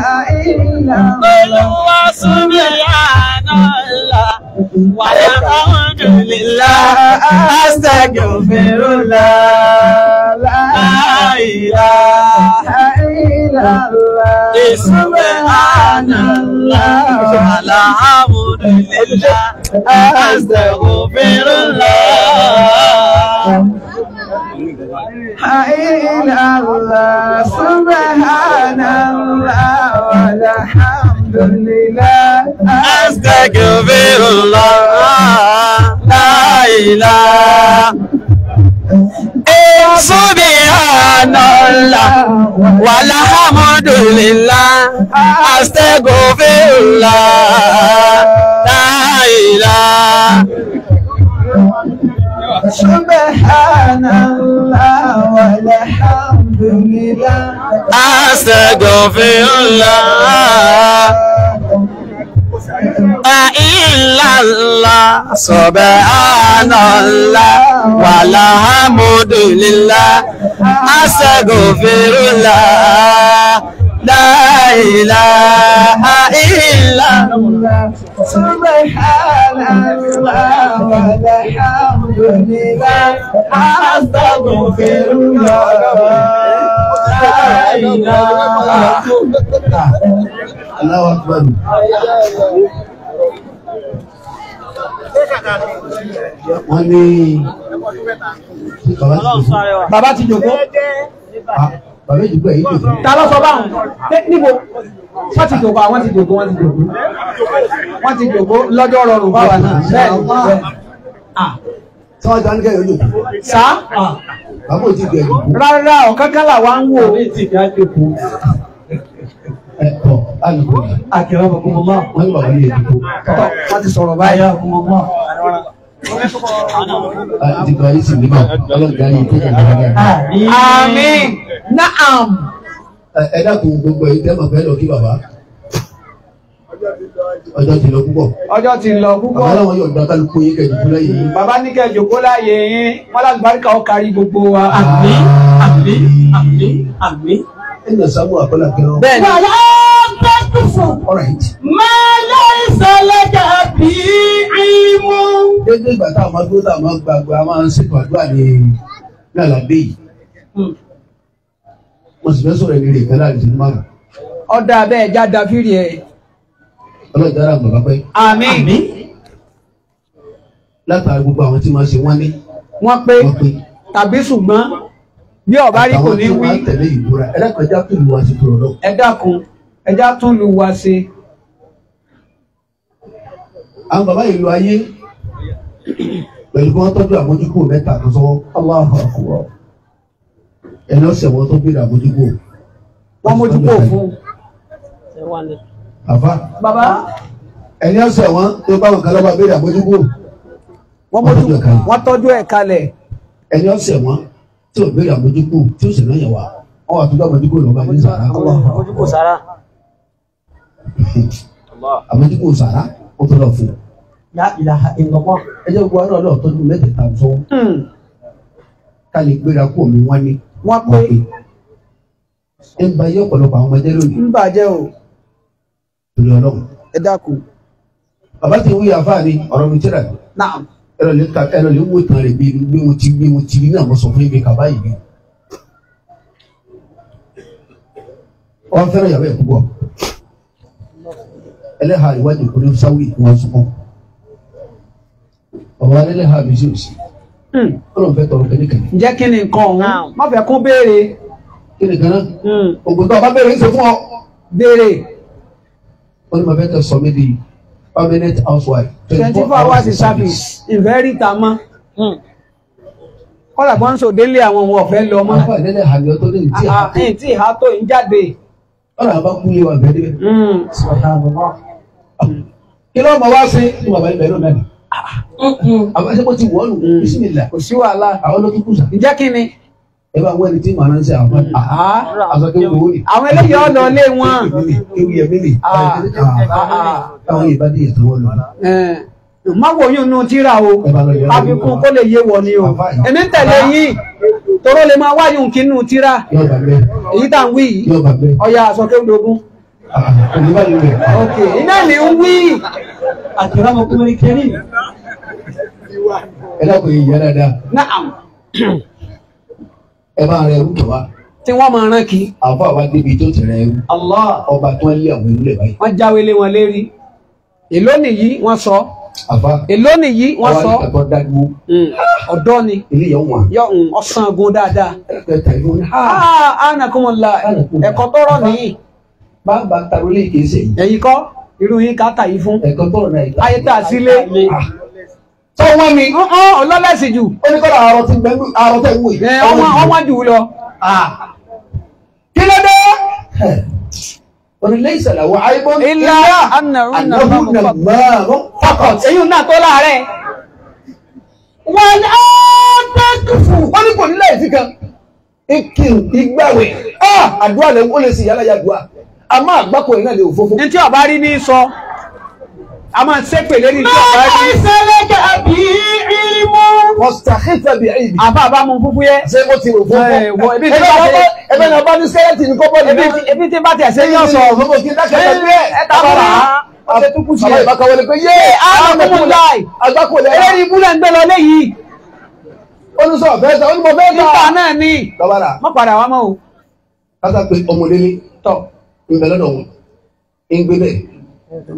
إلا الله سبحان الله والحمد لله أستغفر الله لا إله إلا الله سبحان الله والحمد لله أستغفر الله إلى الله سبحان الله والحمد لله أستغفر الله لا إله سبحان الله والحمد لله أستغفر الله لا إله subhanallah walhamdulillah astaghfirullah illallah subhanallah walhamdulillah astaghfirullah لا إله إلا الله سبحان الله ولا حول lónìlá àṣàbùn Wọ́n ní bàbá ti jòkó. Bàbá ìdìbò ah, èyí jòkó. Ta ló sọ báwọn? Níbo? Wọ́n ti jòkó, àwọn ti jòkó, wọ́n ti jòkó. lọ́jọ́ rọrùn báwa náà. Bẹ́ẹ̀ni tí wọ́n jọ ní kẹ́yọ̀ lòdì. sá bàbá òtí ìgbẹ́ ìdìbò. rárá ọ̀kánkán làwa ń wò. àwọn ètí ìgbà dìbò. ẹ ọ alùpùpù. àkẹrẹ ọmọ kọmọ máa. wọn ní bàbá yìí ìdìbò. wọn ti sọ̀rọ̀ báyìí ọmọ máa. ìdìbò ayé sì níbà ọlọ́ọ̀dá yìí tó kàn dáadáa. àmín. naam. ẹ dákun gbogbo ẹ tẹ́ màá lọ kí bàbá ọjọ́ ti lọ púpọ̀. ọjọ́ ti lọ púpọ̀. bàbá làwọn yóò gba kálukú yín kẹjọkó láyé yín. bàbá ní kẹjọkó láyé yín wọn láti barika ó kárí gbogbo wa. àmín àmín àmín àmín. ẹ nà sábò àkọlà kẹrọ. bẹ́ẹ̀ni. bàbá bẹ́tùfù. máa lọ ìsọlẹ̀ dàbí ìmú. dédé ìgbà tá a máa dúró tá a máa gbàgbọ́ a máa ń ṣètò àdúrà ní lálàbẹ́ yìí. Hmm. mo sì fẹ́ sọ̀rọ̀ ẹni rè kẹ́lá àdìsí márùn-ún ọlọ́run dára àgbà bá pẹ́. àmín. látara gbogbo àwọn tí máa ṣe wọ́n ní. wọ́n pé tàbí ṣùgbọ́n bí ọba rí kò ní wí. àtàwọn tí wọ́n tẹ̀lé ìbúra ẹlẹ́kọ̀ọ́ ẹja tún lu wa sí tòrò lọ. ẹ dákun ẹja tún lu wa sí. àwọn bàbá yìí lu ayé pẹ̀lú kí wọ́n tọ́jú àmójúkò mẹ́ta kan sọ́wọ́ Allahu akbar ẹni ọ̀sẹ̀ wọn tó bèrè àmójúkò. wọ́n mójúkò fún àfa. bàbá. ẹ̀yin ọ̀sẹ̀ wọn tó bá wọn kan lọ́ba béèrè àbójúkú. wọ́n mójú wọ́n tọ́jú ẹ̀ kalẹ̀. ẹ̀yin ọ̀sẹ̀ wọn tí ò béèrè àbójúkú tí ó sì náà yẹ wá wọn wà tó dá àbójúkú lọ́ba ní sàrà. àbójúkú sàrà. àbójúkú sàrà ó tó lọ fún un. yá ìlàhà ìlọ́pọ̀. ẹ jẹ́ gbogbo àárọ̀ lọ́ọ̀ tọ́jú mẹ́tẹ̀ẹ̀ta fún hmm. ká lè gbéra kó mi wọ́n ní. wọ́n pé. ń ba iye ọ̀pọ̀lọpọ̀ àwọn ọmọdé lónìí. ń torí ọlọ́run. ẹ dákun. bàbá ti wí àfáà ni ọ̀rọ̀ mi tíra. náà. ẹ lọ lè ka ẹ lọ lè wò tán rẹ bí bí mo ti bí mo ti rí náà mo sọ fún yín pé kàbá yìí bí. wọ́n fẹ́ràn ìyàwó ẹ̀ púpọ̀. ẹlẹ́hàá ìwádìí òkúrẹ́ sáwì wọn sọ ọ̀wọ́ alẹ́lẹ́hàá mi sí òsì ọlọ́run hmm. fẹ́ tọrọ kẹ́lẹ́ kẹ́lẹ́. ǹjẹ́ kí ni nǹkan ọ̀hún má fẹ́ kún béèrè. kí ni kan náà. Hmm. ògùn tó o bá béèrè ń ṣe fún wọ́n ní mo fẹ́ kẹ́ sọ mí di permanent housewife. twenty four hours is service ìfẹ́rí ta mọ́ hmm. kọ́lá bọ́ ń sọ délé àwọn ohun ọ̀fẹ́ lọ mọ́. àwọn ìdílé àmì ọtọ́ lè tí a tó. tí a tó ń jáde. ọ̀rọ̀ àbá kú yé wa bẹ́ẹ̀ dé. Hmm. kí ló mọ̀ wá sí ní bàbá ibẹ̀ ló mẹ́rin. Hmm, àbáṣepọ̀ ti wọ́ọ̀lù bisimilá. kò sí wàhálà. àwọn ló tún kù sá. ǹjẹ́ kí ni ẹ bá wẹ́ni tí màá ránṣẹ́ àwọn aṣọ kéwù owó ni. àwọn eléyìí ọ̀nà ilé wọn. ewu yẹmi ah. ah. ni káwọn yìí bá dé ètò wọn lọ. má wo yín nu tíra o àfikún kó lè yé wọ ni o èmi ń tẹ̀lé yín toró lè máa wáyé nǹkan nu tíra èyí tá à ń wí yìí ọ̀ya aṣọ kéwù lógún. Ah, ok iná ni ń wí. àtẹ̀rọ ọmọkùnrin kẹrin. ẹ dákun yìí yára dáa ẹ bá rẹ ẹrú wa. tí wọ́n máa rán kí. àfọ àwa débi tó ti rẹ ẹrú. Allah ọba tí wọ́n lé àwọn ìlú rẹ̀ báyìí. wọ́n jáwé lé wọn lérí. èló nìyí wọ́n sọ. àfa èló nìyí wọ́n sọ. àwọn àgbàgbọ́ dájú. Hmm. ọ̀dọ́ ni. ilé yẹn wà. yọ hmm, ọ̀sán gun dáadáa. anakumola ẹ̀kọ́ tọrọ nìyí. bá a bá wọ́n mi. ọlọ́lẹ́sì jù. ó ní kọ́lá àrọ̀ tí ń bẹ́ẹ̀ àrọ̀ tẹ̀ ń wò yìí. ọwọ́n jù lọ. kí ló dé. onílé ìṣẹ̀lẹ̀ wọ àìbọ́ ilá ànáhùn nàmọ́rún fọkọ̀t. èyí náà tó láàárẹ̀. wọ́n á dákùfù. ó ní kò ní láì fi kan. ikin igbáwẹ̀ àdúrà lẹ́wọ́ lè sì yálà yàdùà àmọ́ àgbákò yìí náà lè òfófó. ní tí ọba rí ní sọ a máa ṣépè lérí ìjọba rí. máa ń sẹ́lẹ̀ gàbí ìlímù. mọ̀sítàkìtà bí ẹ̀yìn. àbá àbá mu fúnfún yẹ. ṣé o ti wò fún fún. ẹbí tí bá tẹ ẹbí náà bá ní sẹ́yẹ̀tì ní kọ́kọ́ ní. ẹbí tí bá tẹ ṣe yàn sọ. ẹ tábàlà ọ̀sẹ̀ tó kù sí ẹ. àbákawọlé pé yé àmọ̀kùnláì. àgbákòlẹ̀ ẹlẹ́rìí ibúlẹ̀ ń gbẹ lọ léyìí. olùsọ fẹ́ sọ olùmọ fẹ́ sọ. nípa náà ni mọ padà wá mọ́ o. kásá pé ọmọdélé tọ̀ ń bẹ lọ́dọ̀ wọn ń gbé bẹ́ẹ̀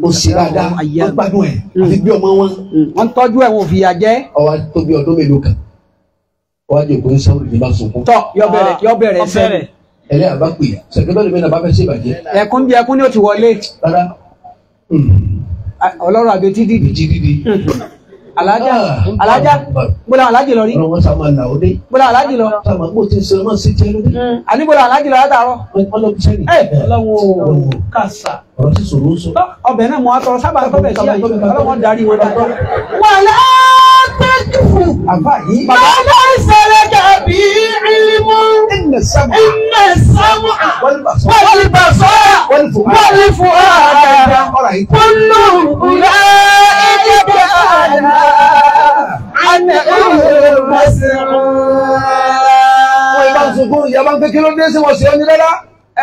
o sì dáadáa wọn gbádùn ẹ àfi bí ọmọ wọn. wọn mm. tọ́jú ẹ wọn fi yà jẹ. ọwọ tóbi ọdún mélòó kan ọwọ àjẹ òkú ní sáwọn ìdílé sunkún. tọ yọ bẹ̀rẹ̀ yọ bẹ̀rẹ̀ sẹrẹ. ẹlẹ àbá pè é sẹkẹtọrì mi náà bá fẹ́ ṣe ìbàjẹ́. ẹkún bí ẹkún ni ó ti wọlé. rárá ọlọ́run àbẹ̀tí dìdì. Mm. Ah, alájà alájà bọ́lá alájì lọ rí. ọ̀rọ̀ wọn sàmà là ó dé. bọ́lá alájì lọ. sàmà kó ti sọ ọmọ sí jẹ́ lóde. Hmm, àní bọ́lá alájì lọ látàárọ̀. Eh, ọlọ́run sẹ́ni. ẹ ọlọ́run kàṣà. ọ̀rọ̀ ti sòrò ó ọbẹ̀ náà mo wá tọrọ sábà tọ́bẹ̀ sí àyè ọlọ́run darí wọn dáadáa tẹ́kùfù. Àbá yìí. Bàbá ìṣẹ̀lẹ̀ dàbí ìlímú. Ìnà sábà. Ìnà sábà. Wọ́n bá sọ́ra. Wọ́n fò àdá. Kúlù ìlà ìjẹ́bẹ̀ àná. Àná ìlú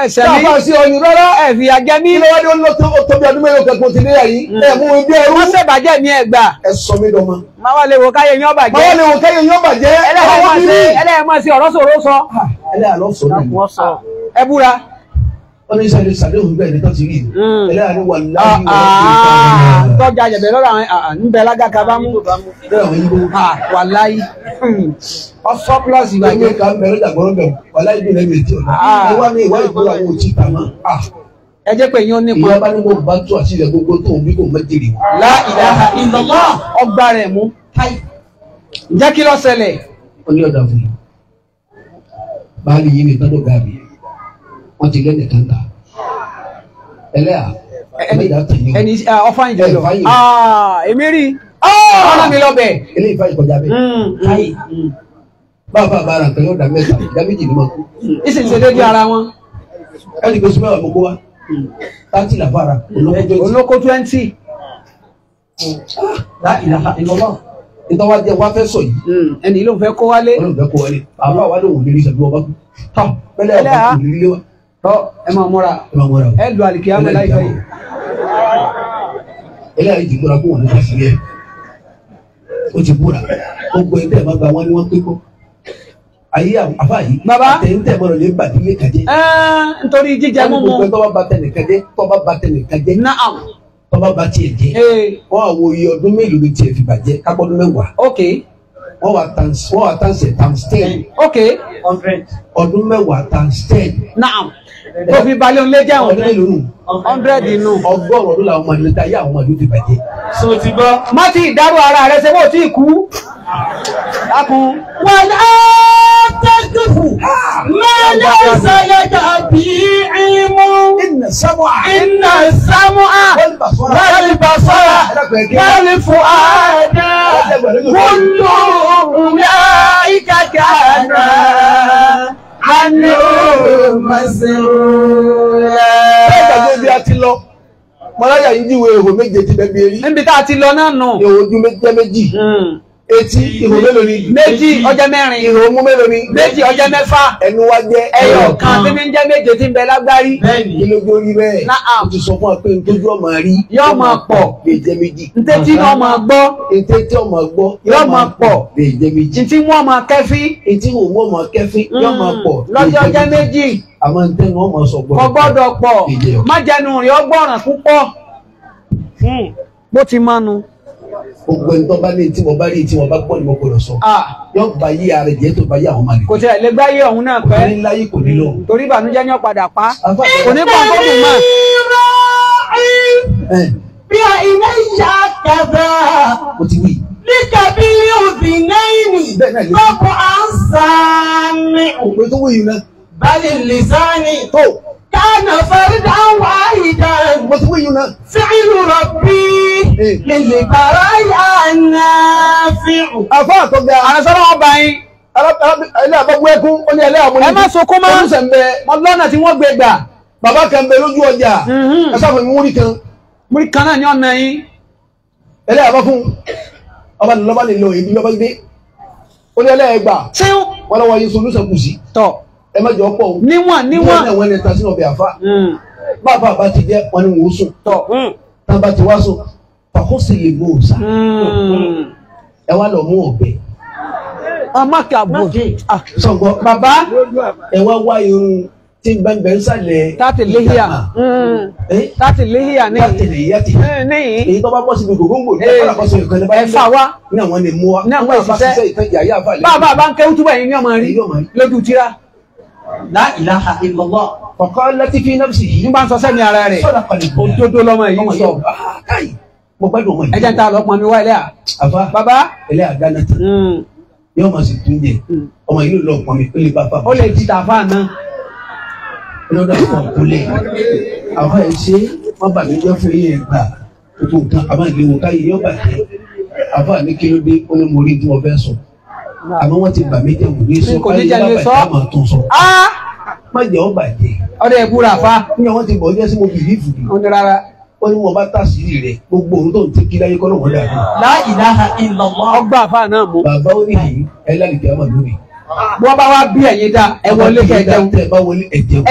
ẹsẹ mi káfá sí ọyún rárá ẹfì àjẹ mi. ilé wa ni wọn lọ tó tóbi ọdún mélòó kankan ti níyà yìí. Mm. ẹ mú mi bí ẹrú. wọn ṣèbàjẹ́ mi ẹ gbà. ẹ sọ mi dọ̀ ma. máa wà lè wò káyé yín ọba jẹ. máa wà lè wò káyé yín ọba jẹ. ẹlẹ́yà máa ṣe ọ̀rọ̀ sọ̀rọ̀ sọ. Ah, ẹlẹ́yà lọ sọ wọ́n ní sẹ́ni sàdéhùn bẹ́ẹ̀ ni tó ti rí ìlú hmm. ẹlẹ́yà ni wà láàyè ah, wọ́n ti rí ah, tọ́jà jẹ̀bẹ̀ lọ́rọ̀ àwọn ah, ńbẹ lága kaba mú wà láyé hmm. ọ̀sọ́ plus ìgbà yẹn. ìwé kan bẹ̀rẹ̀ dàgbọ́rọ̀ bẹ̀rẹ̀ wà láyé bí lẹ́yìn ètò ìwà mi ìwà ìgbọ́ àwọn òtí ta mọ́. ẹ jẹ́ pé yín ó nípa. ìyá bá ní mo bá tó àṣìlẹ̀ gbogbo tó ń bí kò mẹ́tìrì. lá ilaha illallah ọgbà rẹ̀ mú táì. ǹjẹ́ kí ló ṣẹlẹ̀? ó ní ọ̀dà fún mi. báàlì yìí nìkan tó ga mi wọ́n ti lẹ́nu kanga ẹlẹ́à ẹ̀ẹ́dà tẹ̀yìn ẹni ọ̀fàn ìjọ lọ ah, èmi rí ah! ọ̀nà mi lọ bẹ̀. ilé ìfà ìkọjá bẹ̀ káyì hmm, hmm, bàbá hmm. nǹkan yóò dá mẹ́ta dá méjì ni wọn. ìsì ń ṣe ara wọn. ẹnì kan súnmọ́ àgbókò wa thirty la fara olóko twenty. Ah! láìláha ìlọ́wọ́ ìtọ́wá jẹ́ wá fẹ́ sọ yìí. ẹnì ló ń fẹ́ kó wálé. wọ́n ló ń fẹ́ kó wálé àbá wa ló wò lórí ìṣàbí wọn bá kú. tọ́ pẹ́lẹ́ kò lè lé wa tọ́ ẹ máa múra ẹ lu àlìkí àmọ́ láìpẹ́ yìí. eléyà yìí ti búra kó wọn ní fàṣí yẹ ó ti búra o gbọ́ ẹ tẹ́ ẹ má gba wọn ni wọ́n pé kọ́ ayé àfa yìí baba àtẹ̀yìntẹ̀ gbọ́dọ̀ lè bàbí yé kàjẹ́. nítorí jíjẹ mímu ẹni tó bá ba tẹnì kàjẹ́ tó bá ba tẹnì kàjẹ́ tó bá ba tiẹ̀ jẹ́ wọ́n á wo iye ọdún mélòó ni tiẹ̀ fi bàjẹ́ kápọ́dún mẹ́wàá wọ́n wà tans wọ́n wà tans ẹ̀ tans ten ọdún mẹ́wàá tans ten tó fi balẹ̀ òun lé jẹ́ hundred hundred inú. ọgọ́rùn ọdún làwọn ọmọdé ta yé àwọn ọmọdé ti bàjẹ́. so ti gbọ́. má ti dárò ara rẹ ṣe bó ti kú. dákun. wọn á tẹ́kùfù máa ní ìmú. iná sámúà. iná sámúà. wọ́n bá sọ́ra. wọ́n lè fún àdá. mi àyíká kàná. Hánú Màṣẹ́wúlá. Bẹ́ẹ̀ gbàgbé bí a ti lọ, Mọ́láyà yìí díwèé ihò méje ti bẹ́ẹ̀ bí eré. Níbi tá a ti lọ náà nù. Ihò ojú méjì. Hmm etí ihò mélòó ni. méjì ọjọ́ mẹ́rin. ihò mú mélòó ni. méjì ọjọ́ mẹ́fà. ẹnu wa jẹ ẹyọ kan tí mi ń jẹ méje tí ń bẹ lágbárí. bẹ́ẹ̀ni ìlójú orí bẹ́ẹ̀. náà o ti sọ fún wa pé ntójú ọmọ rí. yóò máa pọ̀ lè jẹ méjì. ntétí náà máa gbọ́. ntétí ọmọ gbọ́. yóò máa pọ̀ lè jẹ méjì. ntí wọn máa kẹfí. ntí wọn wọn máa kẹfí. yóò máa pọ̀ lè jẹ méjì. lọ́jọ́ jẹ méjì. àmọ́ ntẹ́nu ọmọ sọ gbọ́dọ̀. kò gbọ́dọ̀ pọ̀ májẹnu rẹ̀ ọgbọ́ràn púpọ̀. Hmm. bó ti mánu gbogbo ẹni tó bá ní tí mo bá rí tí mo bá pọ̀ ni mo gbọdọ̀ sọ. Ah. yóò bá yí ara jẹ́ tó bá yí àwọn màlẹ́. kò tẹ̀lé gbáyé ọ̀hún náà pẹ́. kò láyé kò ní torí ìbànújẹ́ ni ó padà pa. kò ní pa fọ́ọ̀mù mọ́. bí a ilé ìyá kẹfẹ́. o ti wí. ní kabili òbí náírì. kọ́kọ́ à ń òpè tó wúyi náà. bá كان فردا واحدا مطوينا فعل ربي للبرايا النافع أفاكم يا أنا سلام أبعين ilé àbọ̀gbọ́ ẹkún ó ní ẹlẹ́ àmúlẹ̀ ẹ má sunkún mọ́ ẹkún sẹ̀mbẹ́ lọ́nà tí wọ́n gbé gbà bàbá kan bẹ lójú ọjà ẹ sáfù mi múrí kan. múrí kan náà ni ọ̀nà yín. ẹlẹ́ àbọ̀ fún ọba ní lọ́ba lè lọ èmi lọ́ba gbé ó ní ẹlẹ́ ẹgbà wọ́n lọ́wọ́ yín solúsẹ̀ kù sí. tọ́ ẹ má jọ pọ̀ o. níwọ̀n níwọ̀n. wọ́n náà hmm. wọ́n ní ta sínú ọbẹ̀ àfa. bàbá àbá ti jẹ́ wọn ni wọ́n sùn. tọ́ hmm. tábà ti wá sùn pàkó sì lè gbó òòsà. Hmm. ẹ wá lọ mú ọbẹ̀. amákè àbò ah. sọ̀gbọ́ bàbá ẹ wá wá irun tí gbẹngbẹ ń sàlẹ̀. táti léhìá eh? táti léhìá ní táti léhìá ti eh, èyí tó bá bọ́ síbi gògóńgò ní eh. ẹ̀fọ́ àkọsọ ìkànnì báyìí fà wá ní àwọn ni mú wa ní àwọn ìfisẹ́ bàbá bá ń kẹ́ wútúbà yìí ní ọmọ rí lójú tíra. La ilaha illallah. Kọ̀kọ́ lẹ́tí fi nafsi yìí. Nígbà ń sọ sẹ́mi ara rẹ̀. Sọ́dà pàdé. Òdodo lọ́mọ yìí sọ. Ah, mo gbẹ́dọ̀ ọmọ yìí. Ẹ jẹ́ n ta lọ́pọ̀ mi wá ilé à. Àfa. Bàbá. Ilé àgánà tán. Hmm. Yóò máa sì tún jẹ. Hmm. Ọmọ yìí lọ pọ̀ mi pé lè bá fa. Ó lè di tàfà náà. Lọ́dọ̀ àwọn ọ̀kúnlẹ̀. Àfa yìí ṣe wọ́n bà mí jẹ́ fún yín ẹ̀gbà. Gbogbo nǹkan àbá ìléwọ́ káyé yóò bàjẹ́. Àfa mi kí ló dé ó ní mo rí àmọ́ wọ́n ti bà mí jẹ́ òní sọ káyọ̀ bàjẹ́ àmọ́ tó sọ. Ah! má jẹ́ ọ bàjẹ́. ọdẹ ìbúra fa. níyà wọ́n ti bọ̀ ọjọ́ sí mo bìrì ìfùdí. ó ní rárá. wọ́n ní wọn bá tà sí rẹ̀ gbogbo òun tó ń ti kí láyé kọ́ lọ́wọ́ dàrú. la ilaha illallah. ọgbà àfa náà mú. bàbá ó ní yìí ẹ lálejò àmọ́ lórí. wọ́n bá wá bí ẹ̀yin dá ẹ wọlé kẹ́ ẹ jẹun. ẹ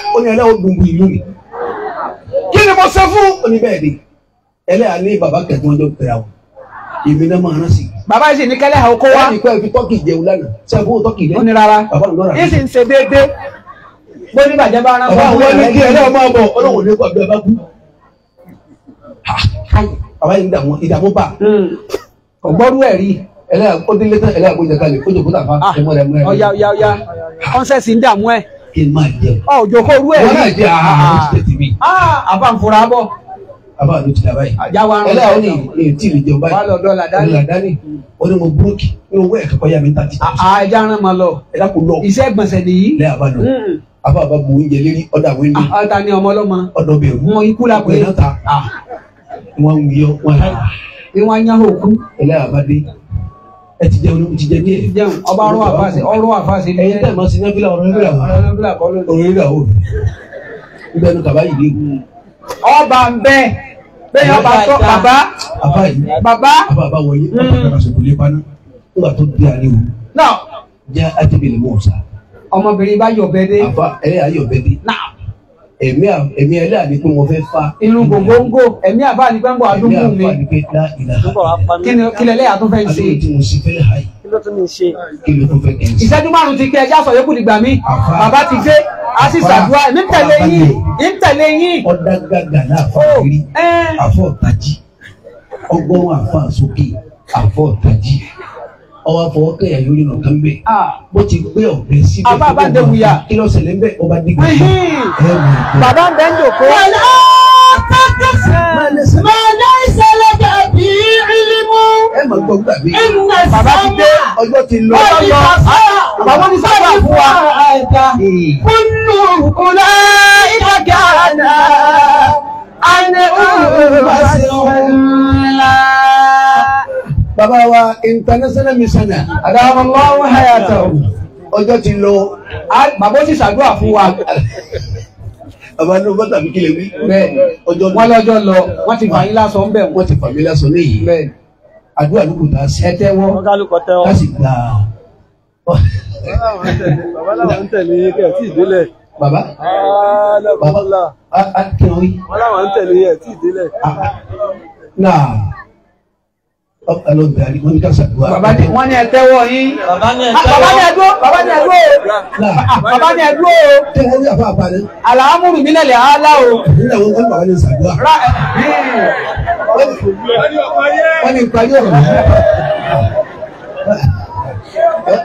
ti sùn kí ni mo ṣe fún. ó ní bẹ́ẹ̀ ni ẹlẹ́yà ní bàbá kẹ̀kọ́ ló pẹ̀lú àwọn èmi náà máa rán sí. bàbá yìí ní kẹ́lẹ́ àwọn kó wá. ẹnì kan fi tọ́kì jẹun lánàá sẹ́kù tọ́kì lẹ́yìn. ó ní rárá yìí sì ń ṣe déédé. bó ní bàjẹ́ bá rán fún wọn ní kí ẹlẹ́yà máa bọ̀ ọlọ́wọ̀n ní kọ́ abẹ́rẹ́ bá kú. bàbá yìí ìdààmú ìdààmú hmm. bá ọgbọ́rú ẹ̀ rí ẹlẹ́yà kó délé tán ẹlẹ́yà kó jẹ kí n máa jẹun. ọ òjòkó orú ẹ rí wọn náà jẹ àhà ó ti tètè mi. àbá ń fura bọ. àbá ló ti dà báyìí. àjà ah, wa rẹ ọlọ́run ní èyí tí ìlú jẹun báyìí. wà á lọ dọ́là dání. dọ́là dání ó ní mo búrúkì ní owó ẹ̀ka kọ́ yá mi ta ti. àjà ah, ah, rán ma lọ. ẹ dákun lọ. iṣẹ́ gbọ̀nsẹ̀ nìyí. lẹ́yìn hmm. àbá lọ àbá àbá bu oúnjẹ lérí ọ̀dà wẹ́lú. ọ̀dà ni ọmọ ọlọ́mọ. ọ̀dọ̀ bẹ̀rù. wọn ikú ẹ ti jẹun ti jẹ díẹ̀. jẹun ọba ọ̀rọ̀ àfàṣe ọ̀rọ̀ àfàṣe. ẹyin tẹ̀ mọ́ sí nẹ́bílà ọ̀rọ̀ nẹ́bílà ọ̀rọ̀ nẹ́bílà kọ́ lónìí. ọ̀rọ̀ nẹ́bílà ò níbẹ̀ ni kaba yìí dé. ọba ń bẹ bẹ́ẹ̀ ọba sọ bàbá. bàbá yìí bàbá. bàbá wọ̀nyí bàbá kan mm. sọ̀kò lé paná nígbà tó dé àlẹ́ o. náà jẹ́ àtẹ̀bẹ̀lẹ̀ mọ́ ọ̀sà. ọmọbìnrin bá yọ̀ bẹ́ẹ̀ dé. àbá ẹ̀ ẹ̀mí ẹ̀mí ẹlẹ́à ni pé mo fẹ́ fa. inú gbòǹgbò ẹ̀mí àbá ni pé ń bọ̀ àdúgbò mi kí ni ẹlẹ́yà tó fẹ́ ṣe. kí ló tún ní ṣe. ìṣẹ́jú márùn-ún ti kẹ́ ẹjá sọ yókù dìgbà mi bàbá ti dé a sì ṣàdúrà ní tẹ̀lé yín ní tẹ̀lé yín. ọ̀dà gàgà náà fàkiri oh, eh. àfọ̀ tají ọgbọ́n àfọ̀ àsókè àfọ̀ tají ọwọ́ afọwọ́ kẹyà yóò yẹn nǹkan bẹ. bó ti gbé ọ̀bẹ sí bẹ́ẹ̀ bá bá dé wuya kí ló ṣẹlẹ̀ ń bẹ ọba dìgbà yìí. bàbá ń bẹ ń dòkó. wàlá tàkùsẹ̀ mọ̀lá ìṣẹ̀lẹ̀ dàbí ìlímù. ẹ mà gbọ́ gbà mí. bàbá ti dé ọjọ́ ti lọ. ọjọ́ bàbá ti sábà fún wa. kúlù kúlẹ̀ ìdàgànà àná òun bá ṣe òun lá. Baba, wa international missioner adamallahu hayatahu ọjọ́ ti lọ bàbá ó sì ṣàdúrà fún wa bàbá ní ọgbọ́n tàbí kílẹ̀ wí. ọjọ́ wọn lọ́jọ́ lọ wọ́n ti fà yín lásán ń bẹ̀ wọ́n ti fà mí lásán léyìí. àdúrà ló kù tá a sí. ẹ tẹ́wọ́ ká sì gbà á. bàbá làwọn ń tẹ̀lé yín kẹ́ ẹ̀ tí ì délẹ̀. Baba. Baba. Baba. Baba. Baba. Baba. Baba. Baba. Baba. Baba. Baba. Baba. Baba. Baba. Baba. Baba ọkà ló darí wọn ní ká ṣàdúrà. ni wọn ní ẹ tẹ́wọ́ yín. bàbá ni ẹ tẹ́wọ́. Ah, bàbá ni ẹ dúró bàbá ni ẹ dúró. Ah, ah, bàbá ni ẹ dúró. tẹ́wọ́ ní àfa àbálẹ̀. ala o. ìdílé wọn wọn bàbá ni ṣàdúrà. wọn ni ìparí ọ̀rọ̀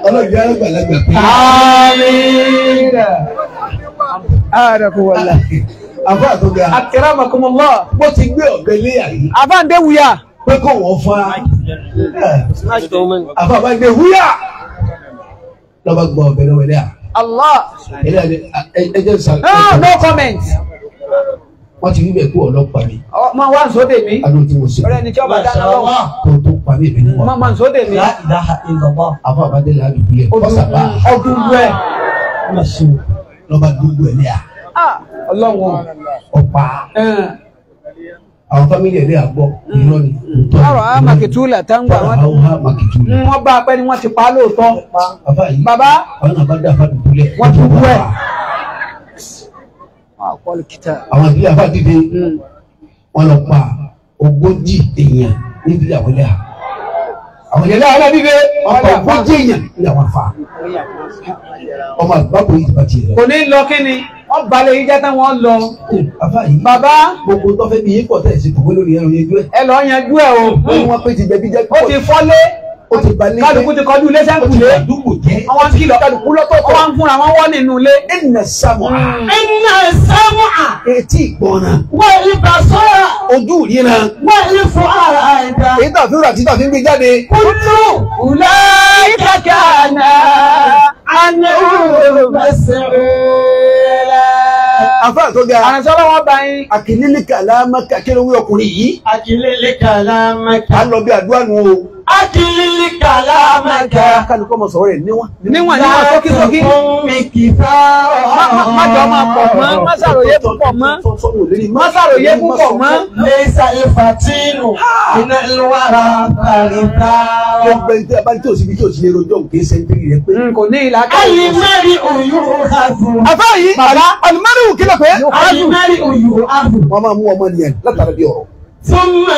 ọlọ́jà àgbàlagbà. àmín. àdàkùn wàlà. àfa àtúgà. akramakumullah. bó ti gbé ọ̀gá ilé yàrá. ń dé wuya pé kò wọ́n fa àfàbàgbé wúyà lọ́ba gbọ́ ọbẹ̀ lọ́wọ́ ilé à. Allah. ilé à ẹ no comment. wọ́n ti wí bẹ́ẹ̀ kú ọlọ́pàá mi. ọmọ oh, wa ń sóde mi. àló tí mo sọ. ọ̀rẹ́ ni tí ọba dáná lọ́wọ́. kò tó pa mí ìbínú wa. ọmọ ń sóde mi. láìláha ìlọ́wọ́. àfọ àbádé la dùn yẹ kọ́sàbà. ọdún wẹ̀. lọ́ba dùn wẹ̀ lẹ́yà. ọlọ́wọ́. ọ̀pá. Eh àwọn fámìlì ẹ̀ lè àgbọ̀ irọ́ ni. ọ̀rọ̀ a màkìtúlà táǹgbà wọn. ọ̀rọ̀ a màkìtúlà. wọ́n bá a pẹ́ ni wọ́n ti pa á lóòótọ́. bàbá yìí bàbá. àwọn náà bá dá àfa dùbúlẹ̀. wọ́n ti wú ẹ̀. àwọn àbí àfa dìde mm. wọ́n lọ pa ogójì èèyàn níbi àwọn ilé àgbà àwọn yẹn lára bíbẹ ọkọ ìwádìí èèyàn ní àwọn afa ọmọ àgbàgbọ yìí bá tiẹ̀ lọ. kò ní lọ kí ni wọn balẹ̀ yìí jẹ́ tán wọn lọ. bàbá gbogbo tọ́fẹ́ bí yín pọ̀ tẹ̀sí gbogbo lórí ẹ̀rọ yẹn jú ẹ̀. ẹ lọ yanjú ẹ o. wọ́n pe ti jẹ̀bi jẹ́ pọ̀. ó ti fọ́lé ó ti ba nílé kálukú ti kọjú ilé sẹ́kù lé àwọn kìlọ̀ kálukú lọ́tọ̀ tó wọn fúnra wọn wọ́n nínú ilé. ẹnna samuwa. ẹnna samuwa. etí ìgbọràn. wọ ibà sọ́ra. ojú ríran. wọ ifo ara ẹ̀dá. èyí tàbí rà títà fi ń gbé jáde. kúlù kùlẹ̀ ìkàkà náà. àná òun bẹ̀sẹ̀ rẹ̀ àfáà tó ga. àrẹ̀sọ́lá wọn bá yín. àkìlélẹ́kàlámẹ́kà kí ló wí ọkùnrin yìí. àkìlélẹ́kàlámẹ́kà. a lọ bí àdúrà nù o. Adìlí kàlá mẹ́kà. Kálukọ́ mọ̀ sọ̀rọ̀ rẹ̀ níwọ̀n. Níwọ̀n níwọ̀n sókísókí. Mi kì í sá. Má jọ máa pọ̀ mọ́, má ṣàròyé púpọ̀ mọ́. Má ṣàròyé púpọ̀ mọ́. Lé ṣàyè Fatinu, iná ìlúwàrà kàlùkà. Ó gbé tí a bá tí òsibí tí òsibí rojọ́ òkè sẹ́ńtírì rẹ̀ pé. Mm, kò ní ìlà kan. Àyè mẹ́rin òyò Àbá yìí, àlùmọ́rì òkè lọ pé. Àyè mẹ́rin òyò Wọ́n máa mú ọmọ nìyẹn látàrí bí ọ̀rọ̀. Súnmọ̀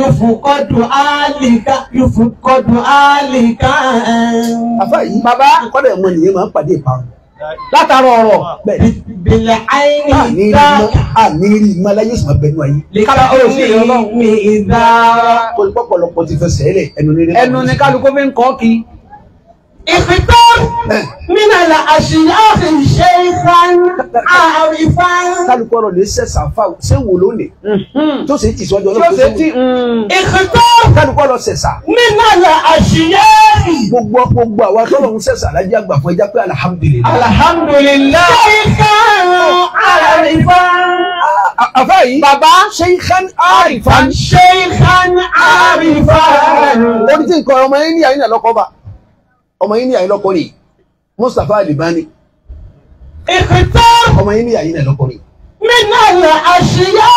ìfúkọ́dù áàlìká ìfúkọ́dù áàlìká. Àfẹ́ yìí bàbá kọ́dọ̀ ẹ̀mọ nìyẹn máa ń pàdé ìparun. Látara ọ̀rọ̀ bẹ́ẹ̀. Bìlẹ̀ àìní ìdá. Àní rí ìmọ̀ aláyé sùn abẹ́nú ayé. Líka ó sì mi ìdá. Olùpọ̀pọ̀lọpọ̀ ti fẹsẹ̀ rẹ̀ ẹnu ní rẹ̀. Ẹnu ni kálukú fi ń kọ́ kí ìfitán mínàlà àṣìyá ìṣe ìfan àrífan. kálukú ọ̀rọ̀ lè ṣẹ̀ṣà fà ṣé wò lónìí tó ṣe ti sọ́jọ́ náà tó ṣe ti. ìfitán kálukú ọ̀rọ̀ ṣẹ̀ṣà. mínàlà àṣìyá. gbogbo gbogbo àwa tọ́lọ̀ ń ṣẹ̀ṣà lájẹ́ àgbà fún ẹja pé alihamudulilayi. alihamudulilayi. ṣé ìfan àrífan àfẹ́ yìí. Bàbá Sheikhan Arifan. Sheikhan Arifan. Orí ti nǹkan ọmọ yẹn ní àyínà lọ́kọ́ bá ọmọ yín ní àyín lọ́kọ́ rèé Mustapha Alibani. ìpìtọ́. ọmọ yín ní àyín lọ́kọ́ rèé. nínú àlọ́ àṣeyá.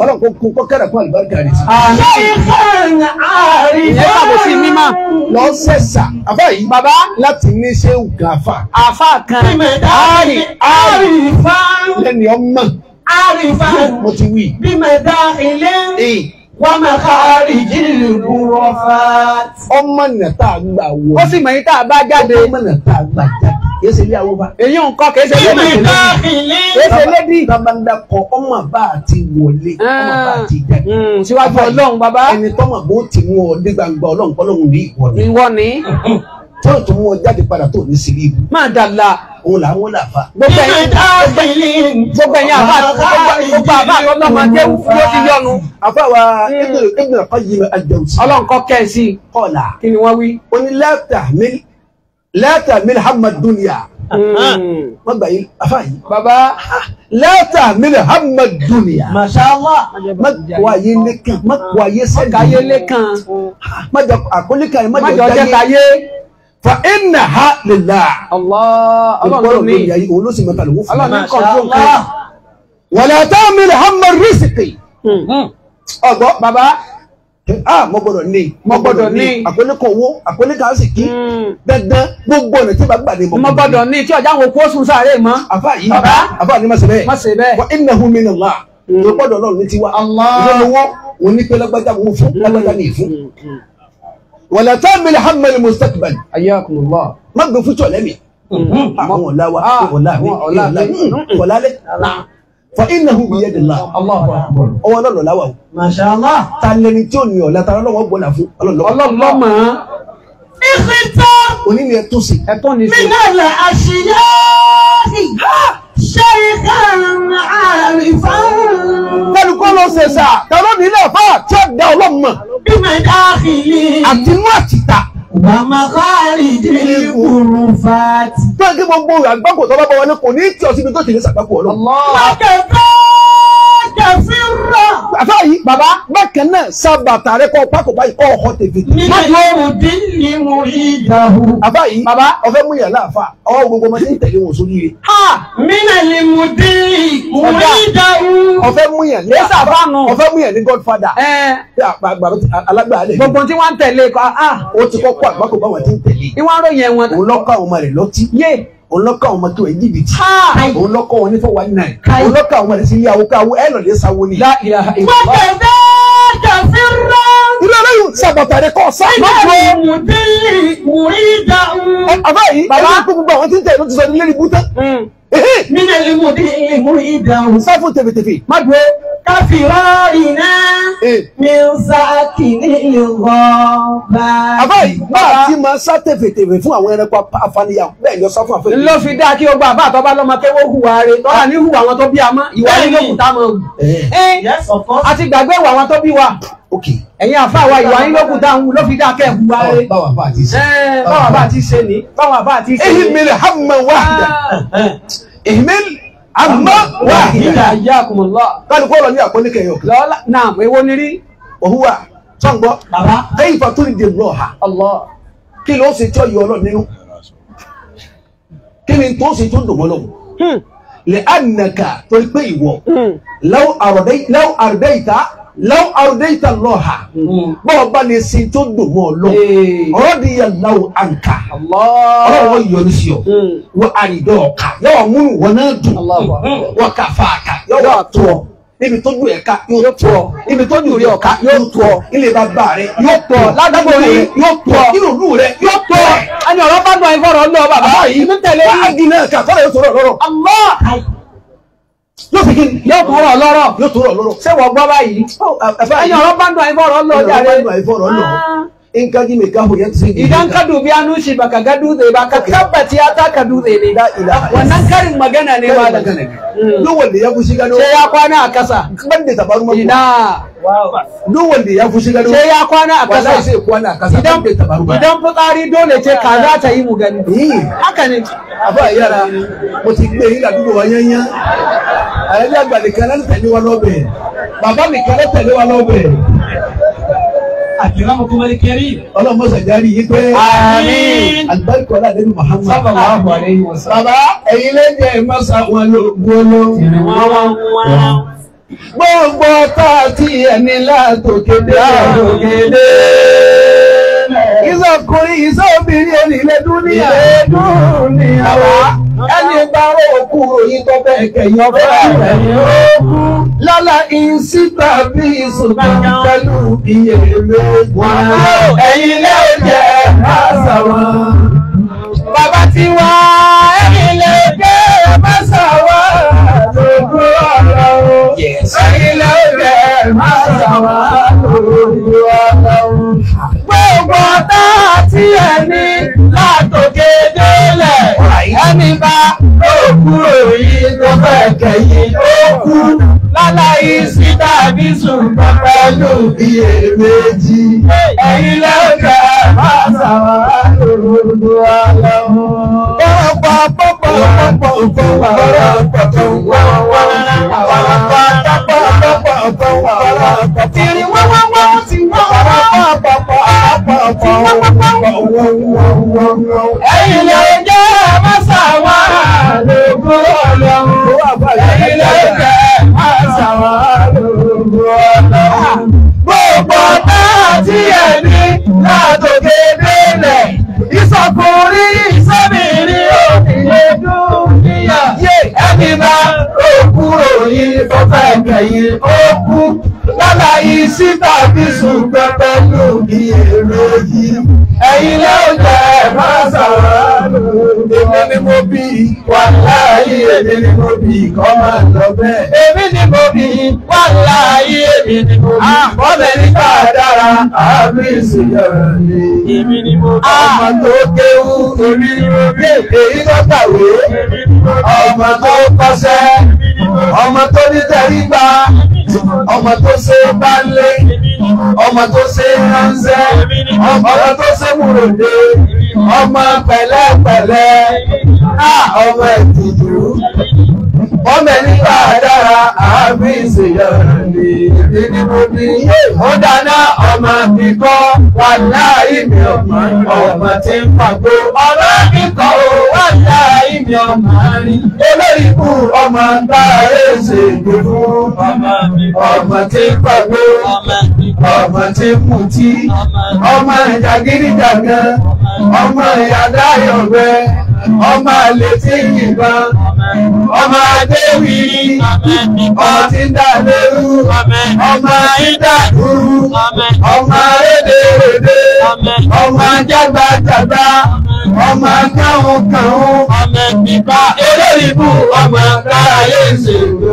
ọlọ́run kò kún kọ́kẹ́rẹ́ fún àlùbáríkà rẹ̀ sí. ṣé ìfọ̀n àárín. ìyẹn bàbá sí mímọ. lọ sẹ̀sà àbá yìí. bàbá láti ní ṣé gàfà. àfà kan. àárí àárí fáwọn. lẹ́ni ọmọ. àárí fáwọn. mo ti wí. bí mẹ́ta ilé wọ́n máa ká àríjì ìlú rọ́fà. ọmọ nà tá a gbà wọ. ó sì mọ̀ yín tá a bá jáde. ọmọ nà tá a gbà jáde kìí ṣe ilé awo bá. èyí ò ń kọ́ kìí ṣe ilé mẹ́tẹ́lẹ́ kìí ṣe ilé bí. bàbá ń dakọ ọmọ bá ti wọlé ah. ọmọ bá ti jáde. Mm, síwájú ọlọ́run bàbá. ẹni tọ́mọ̀ bó ti mú ọ dé gbangba ọlọ́run kọ́ lóhùn ní ìwọ ni. ìwọ ni. tó o tún mú ọ jáde padà tó o ní sílé ibu. má dàgbà òun là ń wọ́n làfà. gbogbo ẹ̀yin gbogbo ẹ̀yin àfa gbogbo àfa àtọ́jọ́ máa dé ló yọnu. àfa wa ibùdó kan hmm. yí àjẹwùsí. ọlọ́nkọ́ kẹ́sì. kọ́ọ̀là kí ni wọ́n wí. ó ní lẹ́tà mi lẹ́tà mi hamad dunya. Hmm. wọ́n gbà yí àfa yìí. baba ah, lẹ́tà mi hamad dunya. masha Allah. má kó ayé lẹ́kàn má kó ayé sẹ́yìn. má kó ayé lẹ́kàn. Ah, má jọ àkólé kan jọ jẹ́ tayé fa inna ha lillah. Allah ọlọ́run mi ọlọ́run mi kọ̀ọ̀tún kan. wala ta'mil hamma rizqi. Hmm. Hmm. ọgbọ́ bàbá ah mo gbọ́dọ̀ ní mo gbọ́dọ̀ ní àpélékàn owó àpélékàn àsìkí hmm. dandan gbogbo ọ̀nà tí bàbá gbàdé mo gbọ́dọ̀ ní tí ọjà àwọn okó sùn sáré mọ́. àfa yìí bàbá àfa ni má ṣe bẹ́ẹ̀ má ṣe bẹ́ẹ̀ wa innahu minallah tó gbọ́dọ̀ ọlọ́run ní tiwa ìjọba wọn òní pé lágbájá wọn fún lágbájá ní ìfún wala tahmil hammal mustaqbal. ayyakumullah. má gbé fún tọ̀lẹ́ mi. àwọn ọ̀la wa ọ̀la mi ọ̀la lẹ́ fa innahu bi yadillah ọwọ́ náà lọ́la wà o. masha Allah. ta lẹni tí ò ní ọ̀la ta lọ́wọ́ gbọ́dọ̀ fún ọlọ́lọ́mọ. ìfitọ́. oní ni ẹ tó sí. ẹ tó ní sí. mi náà lẹ àṣìyá. Kọ́lùkọ́ ló ṣe sà, tàbí nílẹ̀ fà tí ó da ọlọ́mọ. Bímọ dákìlì. Àtinú àtìta. Bàmà kárì délé kúrú fàtì. Tó ń kí gbogbo àgbákò tó bá bá wọlé kò ní tí ọ̀sìn tó ti ní sàgbákò ọlọ́mọ. Máa kẹ́kọ̀ọ́ kẹfìrà. bàbá yìí bàbá bákan náà sábàtà rẹ kọ pákó báyìí kọ ọkọ tètè. nígbà wo di ni mo yí dàrú. bàbá yìí bàbá ọfẹ mú yàrá àfa ọwọ gbogbo ọmọdé ń tẹ̀lé wọn sórí rẹ. ha mina ni mo di mo yí dàrú. ọfẹ mú yàn ní àfa ọfẹ mú yàn ní godfather. ẹ alágbàálẹ. gbogbo tí wọn ń tẹ̀lé kọ. o ah. ti kọ́kọ́ àgbákò báwọn ti ń tẹ̀lé. ìwọ́n aróyìn ẹ̀wọ̀n. òun lọ́kọ́ àwọn ọmọ rẹ̀ lọ́tí. yé òun lọ́kà àwọn ọmọ tó ẹ̀ jìbìtì òun lọ́kà wọn ní fọwọ́ nine òun lọ́kà àwọn ẹ̀rẹ̀ sí ilé awo káwo ẹ̀ lọ́dẹ sáwo ni. wọ́n tẹ̀ bẹ́ẹ̀ jọ̀sí rọ́. irú ẹlẹ́yìn sàbàtàrẹ kọ́ sáyìn. wọ́n mú délé wòrí dà ń. àbáyé bàbá gbogbo àwọn tí ń tẹ̀ ló ti sọ ní lé nínú ìmúdí ìmú ìdáhùn. sẹ́fún tèfètèfè. má gbé. káfíńrọ́ iná mi ń sá kìíní ìwọ bá. àbá yìí bá a ti máa sá tèfètèfè fún àwọn ẹranko afaniya bẹ́ẹ̀ lọ sá fún àfẹ́. ló fi dáa kí o gba àbá àtọ́ba lọ́mọ kéwọ́ hùwà rẹ̀ lọ́la ní hùwà àwọn tó bí a mọ́ ìwà yín ló kùtà mọ́. àti gbàgbé ìwà àwọn tó bí wa ok. ẹ̀yin àfa wa ìwà yín lókun tá à ń wù ló fi dá kẹ́ẹ̀kú wa rẹ. báwa bá a ti ṣe. báwa bá a ti ṣe ni báwa bá a ti ṣe. ehi mele hama wahida ehi ah. mele hama wahida. kálukú ọ̀rọ̀ ní àpọ́nlé kẹyọ. lọ́la naam èwo ni rí. òhùwà sọ̀ngbọ́. bàbá kẹ́yìn fàtúrì dè lọ ha. kí ló ṣe tí ó yọ ọlọ́run nínú. kí ni tó ṣe tó dùn mọ́ lọ́wọ́. Hmm. lẹ́ànàkà torí pé ìwọ. lọ́wọ́ àrùdẹ́ ìta. Law àwòdẹ́yìntà lọ́ha bọ́ọ̀ bá lè sin tó gbòmọ́ lọ ọ̀rọ̀ di yà láwọn àǹkà ọ̀rọ̀ wọn yọrí sí ọ hmm. wọ́n àrídọ́ ọ̀ka yọ̀ọ́ múnú wọn náà dùn wọ́n kà fà kà yọ̀ọ́ tó ọ níbi tó dùn ẹ̀ka yóò tó ọ níbi tó dùn orí ọ̀ka yóò tó ọ ilé bàbá rẹ yóò tó ọ ládàgbò rí yóò tó ọ nínú òlù rẹ yóò tó ọ. a ní ọ̀rọ̀ bá gbọ́ ẹ̀fọ́ rọ̀ ọ́ lọ bàbá yóò fi kí n yóò tún rọ̀ lọ́rọ̀ yóò tún rọ̀ lọ́rọ̀ ṣé wọ́n gbọ́ báyìí ẹ̀yin ọ̀rọ̀ bá ń dùn àìfọ̀ ọ̀rọ̀ lọ jáde in ka gime ka hoyar sun idan ka dubi ya baka ga dutse ba ka tabbata ya taka dutse ne wannan karin magana ne malam duk wanda ya gushi gano sai ya kwana a kasa ban da tabaru ina duk wanda ya fushi gado sai ya kwana a kasa wallahi sai kwana a kasa idan bai tabaru ba idan fitsari dole ce kaza ta yi mu gani eh. haka ne àbá yára mo ti gbé yín ládùúgbò wa yányán àyájọ́ àgbà nìkan lẹ́nu tẹ̀lé wa lọ́bẹ̀ bàbá nìkan lẹ́nu tẹ̀lé wa lọ́bẹ̀. Àtìrámù kúmọ̀ ní kẹrí. Ọlọ́mọ sàjárì yí pé. Àmín. Àlùbáríkà ọ̀la àdéhùn Muhammad. Sábà wà bọ̀ ní ìwòsàn. Bàbá ẹ̀yin lẹ́jẹ̀ ẹ̀ máa sa wọn lóògùn olóhùn. Ìrìn wọn wọn gbogbo táàtì ẹni látòkèdè àtòkèdè. ìsọkùnrin ìsọbìnrin onílẹ̀dún ní àlẹ́dún ní àwa ẹni bá rò òkú òyìn tó fẹ́ kẹ̀yìn ọ̀fẹ́ ẹ̀yìn òkú. lọ́la ìsítà bí ìsùnkún pẹ̀lú iye rẹ̀ wá. ẹ̀yin lè jẹ́ àṣà wọn. bàbá tiwa ẹ̀yin lè jẹ́ àṣà wọn ẹ̀yin lẹ́gbẹ̀ẹ́ má ṣàwá lórí ọlọ́run. gbogbo ọ̀tá tí ẹ ní látòkè délẹ̀ ẹni bá ló kúrò yìí tó fẹ́ kẹ̀yìn tó kú láláyé sí tàbí ṣùgbọ́n pẹ̀lú iye méjì ẹ̀yin lẹ́gbẹ̀ẹ́ má ṣàwá lórí ọlọ́run. Pọ̀pọ̀ pọ̀pọ̀ pọ̀pọ̀ pọ̀pọ̀ pọ̀pọ̀ pọ̀pọ̀ pọ̀pọ̀ pọ̀pọ̀ pọ̀pọ̀ ọ̀gbọ̀n wàrà tìrì wáwáwá ti wá wá àpapọ̀ àpapọ̀ wọ́n wọ́n wọ́n wọ́n ẹ̀yìn lẹ́yìn. tó fẹ́ kẹ̀yìn ó kú lọ́la yìí síta fi sùn pẹpẹ lù bí èrò yìí ẹ̀yin sọ̀rọ̀ èmi ni mo bí wàláyé èmi ni mo bí kọ́ máa lọ bẹ́ẹ̀. èmi ni mo bí wàláyé èmi ni mo bí. àbọ̀lẹ̀ nípa dára àbí ìsìnyàrá ni. èmi ni mo bí. ọmọ tó kéwú èmi ni mo bí. èyí tó kàwé ọmọ tó kọ́ṣẹ́ ọmọ tó ní tẹríba ọmọ tó ṣe bá lé ọmọ tó ṣe ránṣẹ́ ọmọ tó ṣe múròdé ọmọ pẹ̀lẹ́pẹ̀lẹ́ ọmọ ìtìjú ọmọ ẹni bá dára àmì ìṣèyọrìnì ìdíníbóbí ó dáná ọmọ mi kọ́ wà láàyè mi ọmọ ọmọ tí ń pàgbó ọmọ mi kọ́ ó wà láàyè mi ọmọ rí olórí ikú ọmọ bá èsè gbogbo ọmọ tí ń pàgbó ọmọ tí ń mutí ọmọ ìjàgídíjàgan ọmọ ìyàdá yọ̀gbẹ ọmọ àlè tí kìbọn ọmọ adéwì ọtí dàlérú ọmọ ayídàdúrú ọmọ ayédèrèdè ọmọ ajágbàjàgbà ọmọ káwọn káwọn. ọmọ ìbíbá eléyìíbù ọmọ káyé ìṣèlú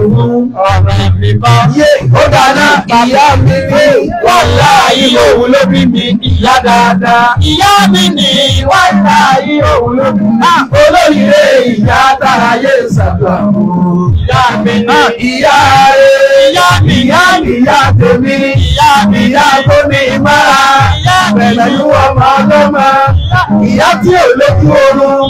ọmọ ìbíbá. yé ó dáná ìyá mi ní wàhálà yìí òun ló bí mi ìyá dáadáa. ìyá mi ní wàhálà yìí òun ló bí mi ah. olóyè ìyá dáadáa yé ìṣàdùn àwọn ìyá mi ni ìyá rẹ̀ mi ìyá mi ìyá tèmi ìyá mi ìyá tó ní ìmára pẹ̀lú ọmọ ọlọ́mọ ìyá tí ò lójú oorun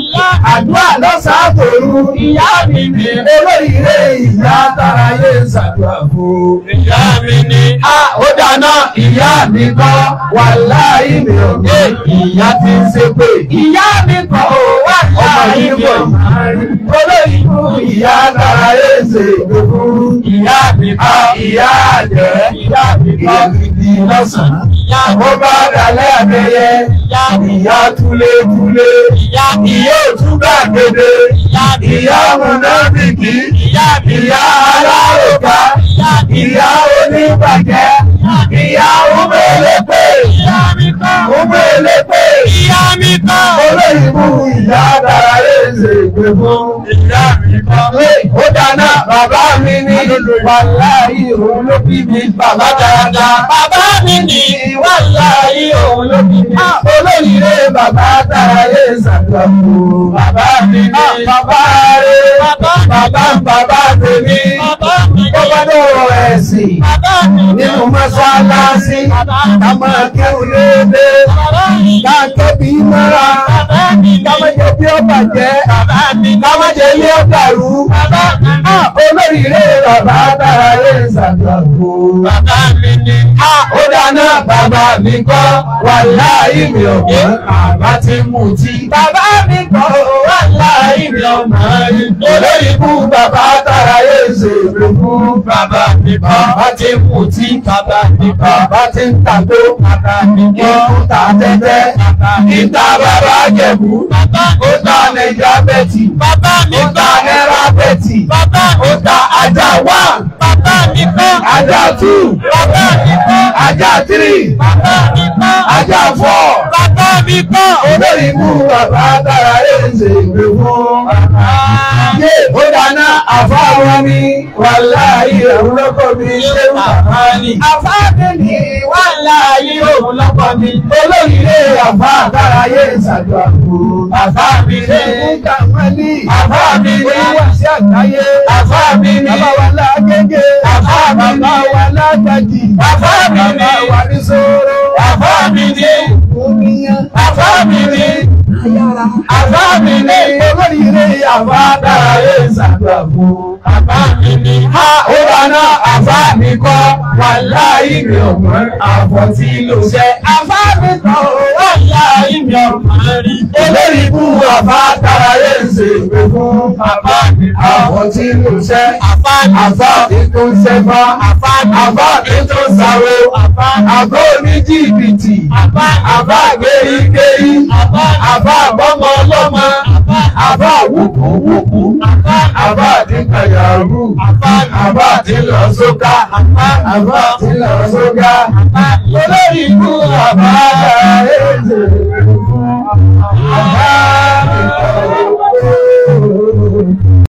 àdúrà lọ́sàá tòru ìyá mi ni olóríire ìyá tarayé ṣàdúrà fún. ìyá mi ni. a ó dáná ìyá mi kọ́ wàláhí mi ò gbé ìyá tí ń ṣe pé. ìyá mi kọ́ wà láì mi ò máa rí olórí fún ìyá tarayé ṣe gbogbo. Ìyá mi bá ìyá àjẹ́. Ìyá mi bá gidi lọ́sàn-án. Ìyá ó bá dalẹ́ abẹ́yẹ. Ìyá túlé túlé. Ìyá òtúbà gbèdé. Ìyá múnábìkì. Ìyá aláròká. Ìyá oníbàjẹ́. Ìyá ọmọlẹ́pẹ́. Ìyá mi kọ́. ọmọlẹ́pẹ́. Ìyá mi kọ́. olóyìnbó ìyá dára lè ṣe ìgbé fún. Ìyá mi ó dáná bàbá mi ní wàláhì òun ló bí mi bàbá dáadáa bàbá mi ní wàláhì òun ló bí mi ah. olóyìnbó bàbá táyé sàkàkù bàbá mi ní ah. bàbá rẹ bàbá bàbá tèmi ó bá dọ̀rọ̀ ẹ̀sìn nínú mọ́ṣáláṣí ká máa kẹ́hùn léde ká tóbi mọ́ra ká má jẹ́ bí ó bàjẹ́ ká má jẹ́ ilé ó dàrú olórí ilé bàbá dára lè ṣàtàkù. bàbá mi ni. ó dáná bàbá mi kọ́ wàláhì mi ò mọ̀ ti mú ti. bàbá mi kọ́ wàláhì mi ò mọ̀ bàbá dára lè ṣèlú bàbá ni bàbá ti ń mutí bàbá ni bàbá ti ń tàgbó bàbá ni wọ́n ń ta tẹ́tẹ́ bàbá ni ta bàbá jẹ̀bú bàbá ó ta nàìjíríà bẹ́tì bàbá ni ta náírà bẹ́tì bàbá ó ta ajá wá bàbá ni bá ajá tù bàbá ni bá ajá tírì bàbá ni bá ajá fọ́ bàbá mi bá olórí mú bàbá dára ẹ̀ ń ṣe ìwé fún bàbá dé ó dáná àfáwọn mi wàláhì òun lọ́kọ̀ mi ṣé màmá ni. àfáàdé ni wàláhì òun lọ́kọ̀ mi. olóyìnbó àfá àtàràyé ìsàjọ àpò. àfá mi ni. ìgbà wọn mi ni. oníwàṣẹ àgbáyé. àfá mi ni. bàbá wa lágége. àfá mi ni. bàbá wa lágàjì. àfá mi ni. bàbá wa ní sóró. àfá mi ni. omiyan. àfá mi ni. Àbá mi ní olóríire àbá dára lè ṣàdúrà fún. Àbá mi ní. Ha ó dáná àbá mi kọ́ wà láì mi ọ̀gbọ́n àbọ̀tí ló ṣe. Àbá mi ko, wà láì mi ọ̀gbọ́n rí. Olórí ikú àbá dára lè ṣe ìwé fún. Àbá mi àbọ̀tí ló ba, Àbá mi àbá mi tó ṣe bá. Àbá mi àbá mi tó ṣàwó. Àbá mi àbọ́mọ ọlọ́mọ àbá wùkú wùkú àbá àdínkàyàrú àbá àdínlọ sókà àbá àdínlọ sókà olórí ikú àbá èdè àbá ìkọ̀wé.